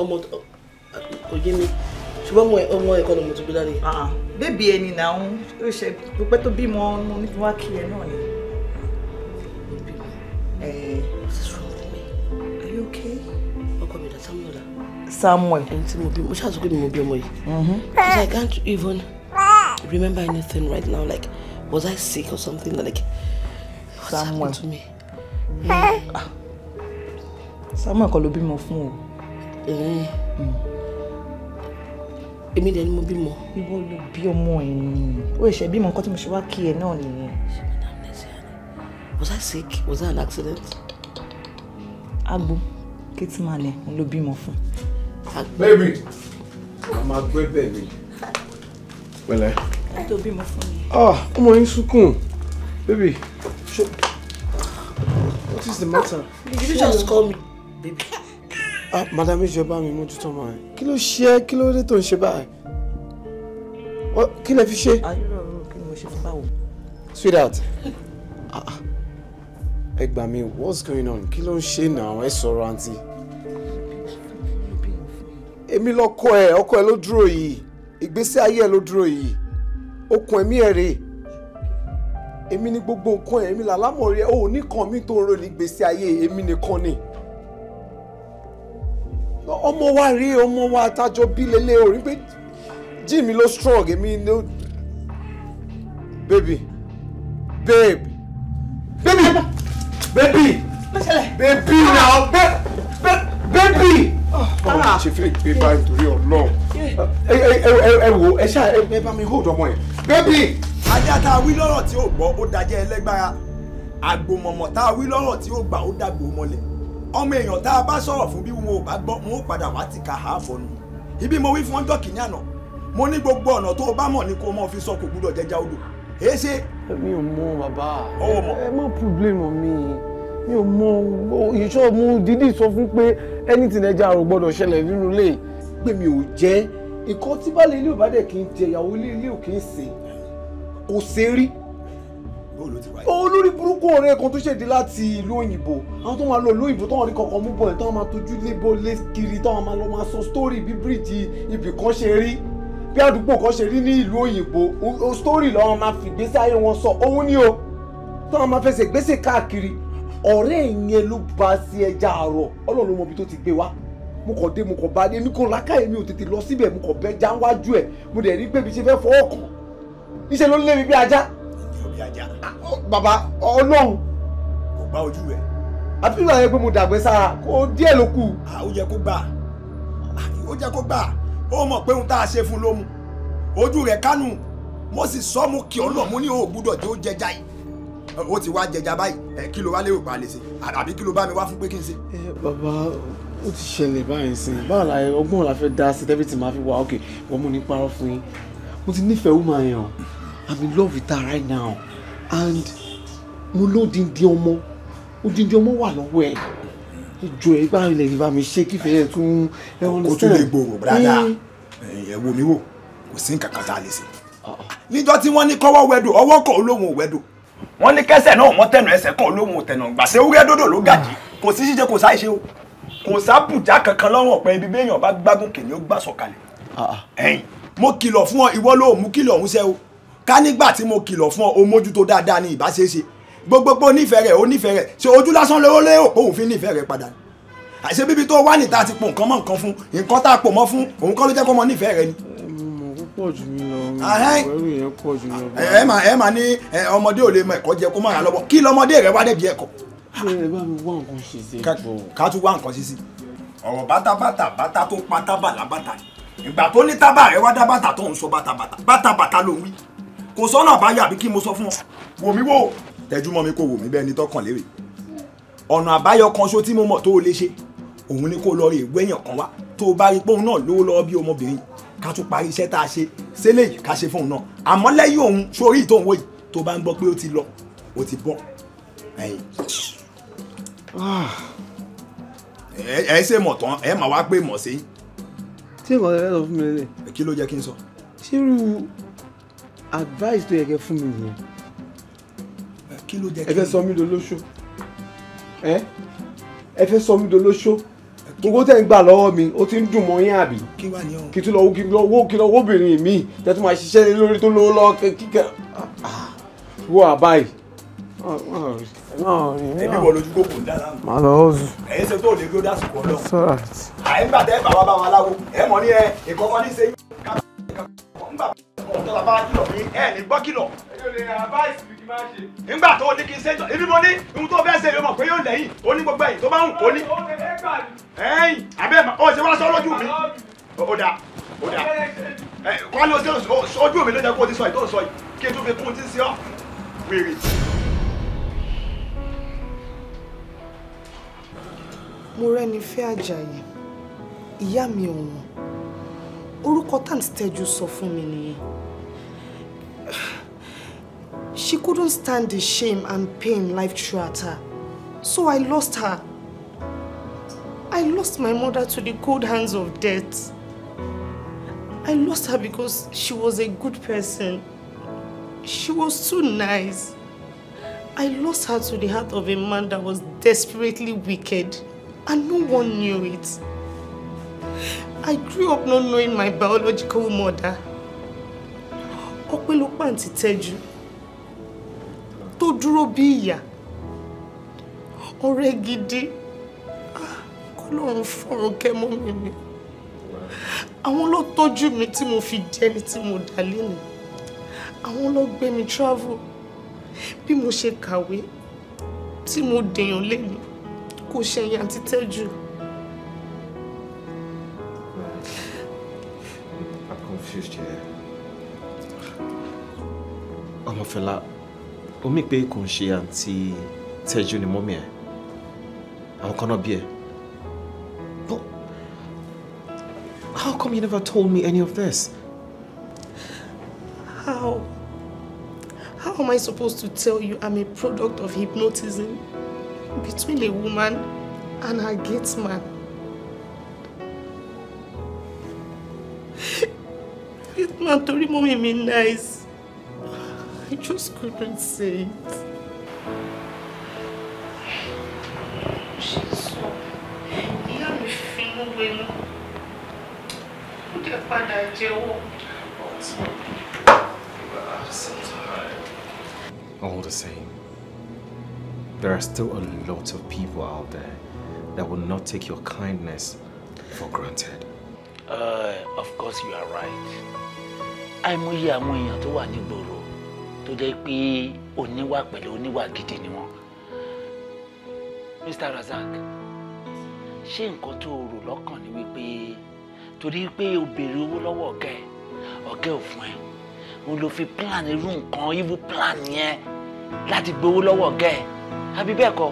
ọmọ kò yé mi ṣùgbọ́n ọmọ ọmọ ẹ̀kọ́ ni mo ti gbé dání. bébì ẹni náà ó ṣe pípẹ́ tó bímọ mo ní kí wá kí ẹ náà ni. Someone. ẹni tí mo bí mo ṣáà sọ mm-hmm. because I can't even remember anything right now like was I sick or something like what happened to me. Ah. Someone called ló bímọ fún o. Eh. Mm. èmi dẹ̀ ni mo bímọ. ìwọ ló bí ọmọ ẹ̀ ni ó ṣe mo ṣe wá kí ẹ náà Was I sick? Was that an accident? Agbo, Kitman, ló bímọ phone baby I'm a great baby. Well, eh? pẹ̀lẹ́. be more funny. mi. Ah, ọmọ yín sunkún baby what is the matter. did you just call me baby. ah madam ejò bá mi mójútó ọmọ to kí ló ṣe é kí ló dé tó ń ṣe báyìí kí lẹ fi ṣe. ayúrò ọ̀rọ̀ kí ni mo ṣe ah, ah. what's going on kí ló now. ṣe náà ẹ èmi lọkọ ẹ ọkọ ẹ ló dúró yìí ìgbésí ayé ẹ ló dúró yìí okùn ẹ̀mí ẹ rèé èmi ni gbogbo nǹkan ẹ làlámọ̀rí ẹ ò ní mi tó ń ro ní ìgbésí ayé èmi nìkan ni ọmọ wa rèé ọmọ wa tájọ bí lélẹ orí pé jimmy ló strong èmi ló baby babe baby baby baby now baby báwo ni ṣe fẹ́ gbé báyìí torí ọlọ́run ẹ wo ẹ ṣá ẹ bá mi hold ọmọ yẹn bébì. ajá tá a wí lọ́rọ̀ tí ó gbọ́ ó dajẹ́ ẹlẹ́gbára àgbòmọ̀mọ̀ tá a wí lọ́rọ̀ tí ó gbà ó dàgbò mọ́lẹ̀ ọmọ èèyàn tá a bá sọ̀rọ̀ fún bí wọn ò bá gbọ́ wọn ó padà wá ti kà á fọnù ibi mo wí fún mi ò mọ ìṣó mu dídì sọ fún pé anything ẹja àrò gbọ́dọ̀ ṣẹlẹ̀ nínú ilé pé mi ò jẹ́ nǹkan tí bá lè ilé ò bá dẹ̀ kí n jẹ ìyàwó ilé ilé ò kí n sè kò ṣe rí olórí burúkú ọ̀rẹ́ kan tó ṣèdí láti ìlú òyìnbó àwọn tó máa lọ ìlú òyìnbó táwọn rí kankan mú bọ̀ ẹ̀ táwọn máa tójú lébo lé kiri táwọn máa lọ máa sọ sítórì bí bíríìjì ibì kan ṣe rí bí àdúgbò kan ṣe rí ní ìlú òyìnbó sítórì làwọn máa fi ìgbésí ayé wọn sọ òun ni o táwọn máa fẹsẹ̀ gbèsè káàkiri ọ̀rẹ́ yẹn ló bá sí ẹja àárọ̀ ọlọ́run mọ ibi tó ti gbé wá mo kàn dé mo kàn bá dé mi kò lákàyè mi ò tètè lọ síbẹ̀ mo kàn bẹ́ já wájú ẹ̀ mo dẹ̀ rí pé mi ṣe fẹ́ fọwọ́ kàn níṣẹ́ ló lé mi bí ajá. bàbá ọlọ́run. kò gbá ojú rẹ̀. àbí ìwà pé mo dàgbẹ́ sára kó díẹ̀ ló kù. ó yẹ kó gbà ó yẹ kó gbà ó mọ̀ pé ohun tá a ṣe fún ló mu ojú rẹ̀ kánú mo sì sọ mo kì ọ́ lọ mo ní o gbúdọ̀ tí ó jẹjà yìí ó ti wá jẹjà báyìí ẹ kí ló wá lérò pa lè ṣe àbí kí ló bá mi wá fún pé kí n ṣe. Eh, bàbá ó ti ṣẹlẹ̀ báyìí sí i báwo la ọgbọ́n la fẹ́ dá sí dẹ́bìtì máa fi wá òkè wọ́n mú ní parọ́ fún yín mo ti nífẹ̀ẹ́ wúmọ yẹn o i'm in love with her right now and mo lódìndín ọmọ odìndín ọmọ wà lọ́wọ́ ẹ̀ ìjọ ìgbà ilẹ̀ ìbá mi ṣe kífẹ́ yẹn tún ẹ understand. o tún lè gbòòrò wọ́n ní kẹ́sẹ̀ náà wọ́n tẹ̀nà ẹsẹ̀ kan olóhùn tẹ̀nà gbàṣẹ wúrẹ́ dòdò ló gàjì kò sí ṣíṣe kò sáìṣe o kò sábùjá kankan lọ́rùn ọ̀pẹ ibi béèyàn bá gbágùn kìnìún ó gbà sọ̀kalẹ̀ ah, ah. ẹ̀yìn mo kìlọ̀ fún ọ ìwọ ló mú kìlọ̀ ọ̀hún ṣẹ́ o ká nígbà tí mo kìlọ̀ fún ọ o mójútó dáadáa ní ìbáṣeéṣe gbogbogbò onífẹ̀ẹ́ rẹ̀ onífẹ̀ẹ́ rẹ̀ ṣe ojú lásán lówó lé òpó òun fi nífẹ̀ẹ́ rẹ̀ padà àṣẹ bíbí tó wà níta ti pò nǹkan mọ́ nǹkan fún nǹkan tá a pò mọ́ fún òun kọ́ ló jẹ́ kó mọ nífẹ̀ẹ́ rẹ̀ ni pọ̀ jù mí lọ ẹrù yẹn pọ̀ jù mí lọ. ẹ máa ẹ máa ní eh, ọmọdé ò lè mọ ẹ̀kọ́ jẹ kó má ra lọ́wọ́ kí lọ́mọdé rẹ wá débi ẹ̀kọ́. ẹ bá mi wá nǹkan ṣe sí. ká tún wá nǹkan ṣe sí. ọ̀rọ̀ bátabàtà bàtà tó pa tábà lábàtà ìgbà tó ní tábà rẹ wá dá bàtà tó ń sọ bàtàbàtà bàtàbàtà ló ń wí kò sọ́nà àbáyọ àbí kí mo sọ fún ọ wò mí wò tẹjú mọ́ mi kò wò mí ká tún parí iṣẹ́ tá a ṣe sílé yìí ká ṣe fún un náà àmọ́ lẹ́yìn òun sórí ìtòun wò yìí tó bá ń gbọ́ pé ó ti lọ ó ti bọ́ ẹ̀yìn. Ah. ẹ ṣe mọ̀ tán ẹ mà wá pé mọ̀ sí. tí nǹkan tẹ́lẹ̀ sọ fún mi lélẹ̀. kí ló jẹ́ kí n sọ. ṣírú advice tó yẹ kẹ́ fún mi nìyẹn. kí ló jẹ́ kí n. ẹ fẹ́ sọ mí dolóṣó ẹ ẹ fẹ́ sọ mí dolóṣó gbogbo tẹ̀ ń gbà lọ́wọ́ mi ó ti ń dùn mọ́ yín àbí kí tún lọ́wọ́ kí lọ́wọ́ kí lọ́wọ́ obìnrin mi tẹ́ tún máa ṣiṣẹ́ lórí tó lówó lọ́wọ́ kíkẹ́ wọ àbáyé. ẹbí wọ lójú kò kò dára. màá lọ ọ̀zù. ẹ̀yin ṣe tó lè gbé dásìkò ọlọ́run. àyè ń gbà tẹ́ bàbá bá wọn aláwo ẹ̀ mọ̀ ní ẹ̀ ìkọ́kọ́ ní sẹ́yìn ọ̀tọ̀ bàbá wa kìlọ̀ nígbà tó ní kí n ṣe ibi mo ní ohun tó fẹ́ ṣe yóò pé yóò lẹ́yìn o ní gbogbo ẹ̀yìn tó bá ń kó ní. ẹ̀yìn abẹ́ ma ọ̀ ṣe wá sọ lójú mi. ó dà ó dà kọ́ ni o ṣe ojú mi ló jẹ́ kó o ti sọ yìí tó sọ yìí kí n tún fi kún un ti ṣe ọ́ wèrè. mo rẹ́ni fẹ́ àjàyè ìyá mi ọ̀wọ́n orúkọ tá tẹ́jú sọ fún mi nìyẹn She couldn't stand the shame and pain life threw at her. So I lost her. I lost my mother to the cold hands of death. I lost her because she was a good person. She was too nice. I lost her to the heart of a man that was desperately wicked and no one knew it. I grew up not knowing my biological mother. kọ́pẹ́ ló pàǹtí tẹ́jú tó dúró bí ìyá ọ̀rẹ́ gidi ah, kọ́lọ́run fọ̀rùn kẹ́mọ́ mi mi àwọn ló tọ́jú mi tí mo fi jẹ́ni tí mo dà lẹ́nu àwọn ló gbé mi travel bí mo ṣe kàwé tí mo dèèyàn lẹ́nu kò ṣẹ̀yìn àti tẹ́jú. I'm confused here. Ọmọfẹ́lá ó mì pé kò ń ṣe àǹtí Tẹ́jú ni mọ́mí ẹ̀ àwọn kan náà bí ẹ̀ but how come you never told me any of this? How? How am I supposed to tell you I'm a product of hypnotism between a woman and her gate man? Gate man torí mọ́mí mi nice. I just couldn't say it. All the same, there are still a lot of people out there that will not take your kindness for granted. Uh, of course you are right. àìmọye àwọn èèyàn tó wà nígboro tó jẹ́ pé oníwà pẹ̀lú oníwà gidi ni wọ́n. Mr. Razak ṣé nǹkan tó o rò lọ́kàn ni wípé torí pé o béèrè owó lọ́wọ́ ọ̀gá ẹ̀ ọ̀gá ò fún ẹ òun ló fi plan irú nǹkan ibu plan yẹn láti gbowó lọ́wọ́ ọ̀gá ẹ̀ àbí bẹ́ẹ̀ kọ́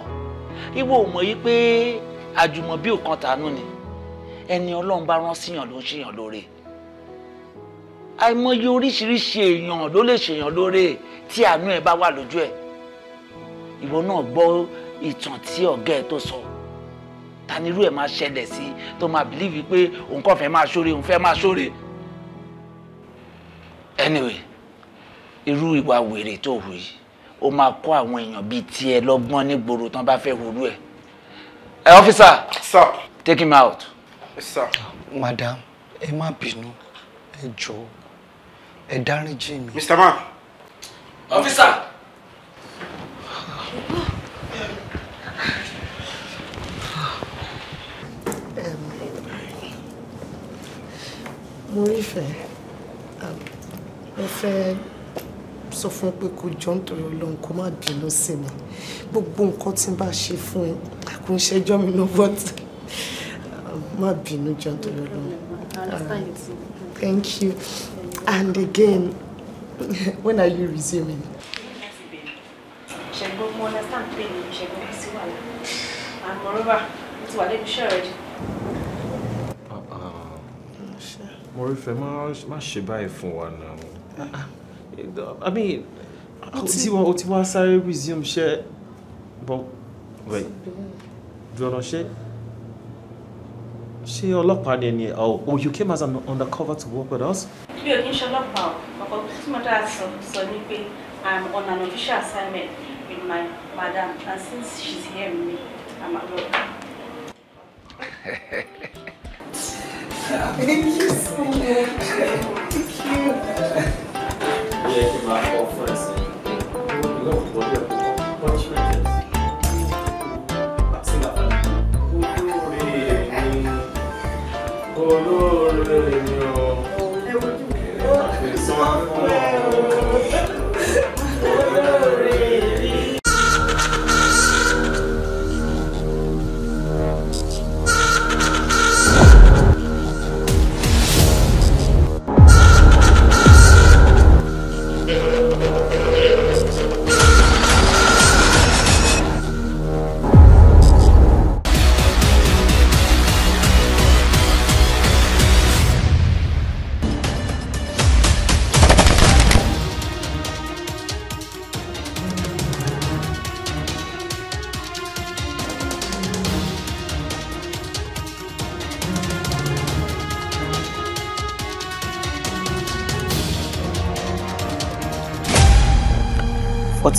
ìwọ ò mọ̀ yìí pé àjùmọ̀bí ò kan tàánú ni ẹni ọlọ́run bá rán síyàn ló ń ṣèyàn lóore àìmọye oríṣiríṣi èèyàn ló lè ṣèyàn lóore tí àánú ẹ bá wà lójú ẹ ìwọ náà gbọ́ ìtàn tí ọ̀gá ẹ tó sọ tanirú ẹ máa ṣẹlẹ̀ sí tó máa bìlíìfì pé òun kàn fẹ́ máa ṣóre òun fẹ́ máa ṣóre anyway irú ìwà wèrè tó hù yìí ó máa kọ́ àwọn èèyàn bíi tiẹ̀ lọ́gbọ́n nígboro tán bá fẹ́ wúrú ẹ ẹ eh, ọfíìsà sir take him out. sir madam ẹ má bínú ẹ jọ̀ọ́ ẹ dáríjì mi. Mr. Man. Officer. Um, mo rí ìfẹ́ um, mo fẹ́ sọ fún pé kò jọ nítorí ọlọ́run kó má bínú sí mi gbogbo nǹkan tí bá ṣe fún ẹ kò ń ṣẹjọ́ mi ló tí um, má bínú jọ nítorí ọlọ́run thank you. And again, when are you resuming? Ṣẹ̀gbọ́n mo understand pé mi ṣẹ̀gbọ́n mi sí wàhálà. And I mean, o ti wá sáré resume ṣẹ́ bọ́ wẹ̀. Jọ̀nà share ṣé ọlọ́pàá ni ẹni ọ oh you came as an undercover to work with us. bí o kì í ṣe ọlọ́pàá ọkọ tí mo dáa sọ sọ ni pé i'm on an official assignment with my madam and since she's here with me i'm at work. Thank you so much. Thank you. Yeah, keep my conference. You know what? Lord.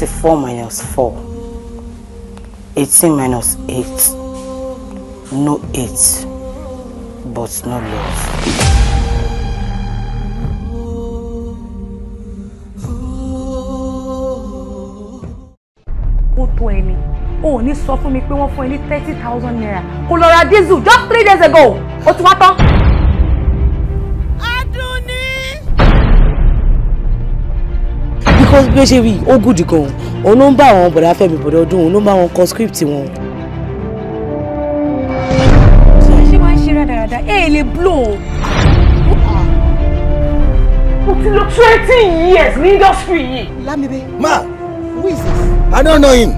24 minus 4. 18 minus 8. No 8, but no love. tó ẹni o ò ní sọ fún for pé wọ́n thirty thousand naira kò diesel just three days ago What's ti bí ó ṣe rí ó gùdì gan òun ló ń bá àwọn bọ̀dá fẹ́mi bọ̀dá ọdún òun ló ń wọn kọ script wọn. ṣé wàá ṣe rádaràda ẹ lè blow. mo ti lò twenty years ní industry yìí. lámìbẹ́. ma who is this. I don't know him.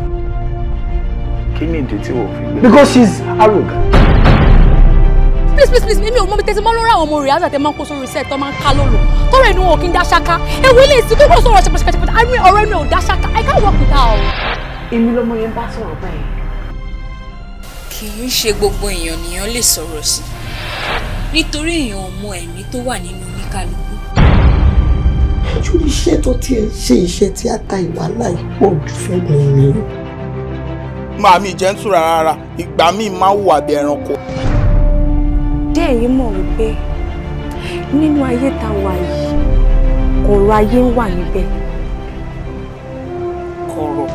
kí ni ìdí tí wọ́n fi gbé. because she is arrogant please please mi ò mọ mi tẹ́tí mọ́ lórí àwọn ọmọ rẹ̀ àtàtẹ́ máa ń kó sórí iṣẹ́ tó máa ń ká lólo tọ́rọ ẹnu wọn kì í dá ṣáká ewu ilé ìsìn tó kọ̀ sọ̀rọ̀ ṣẹpẹṣẹpẹṣẹpẹ àmì ọ̀rọ̀ ẹnu ò dá I can't work with her o. èmi lọmọ yẹn bá sọ̀rọ̀ báyìí. kì í ṣe gbogbo èèyàn nìyẹn lè sọ̀rọ̀ sí nítorí èèyàn ọmọ ẹ̀mí tó wà nínú oníkálukú. ojú iṣẹ́ tó tiẹ̀ ṣe iṣẹ́ tíátà ìwàhálà ìpọ̀ jù fẹ́ mi ni. màmí ẹ̀yin mọ̀ wípé nínú ayé tá wà yìí kọ̀rọ̀ ayé ń wà níbẹ̀. kọ̀rọ̀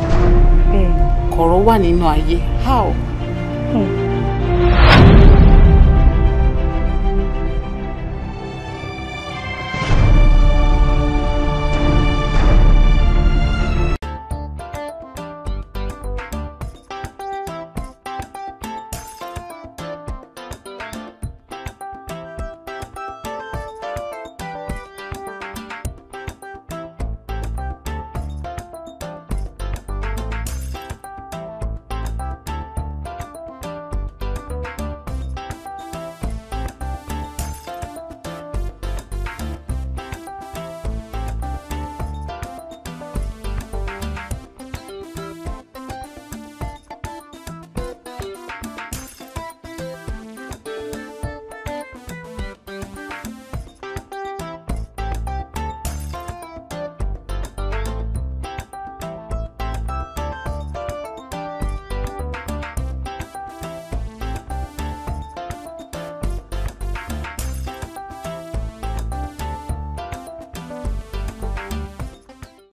hmm. kọ̀rọ̀ wà nínú ayé how. Hmm.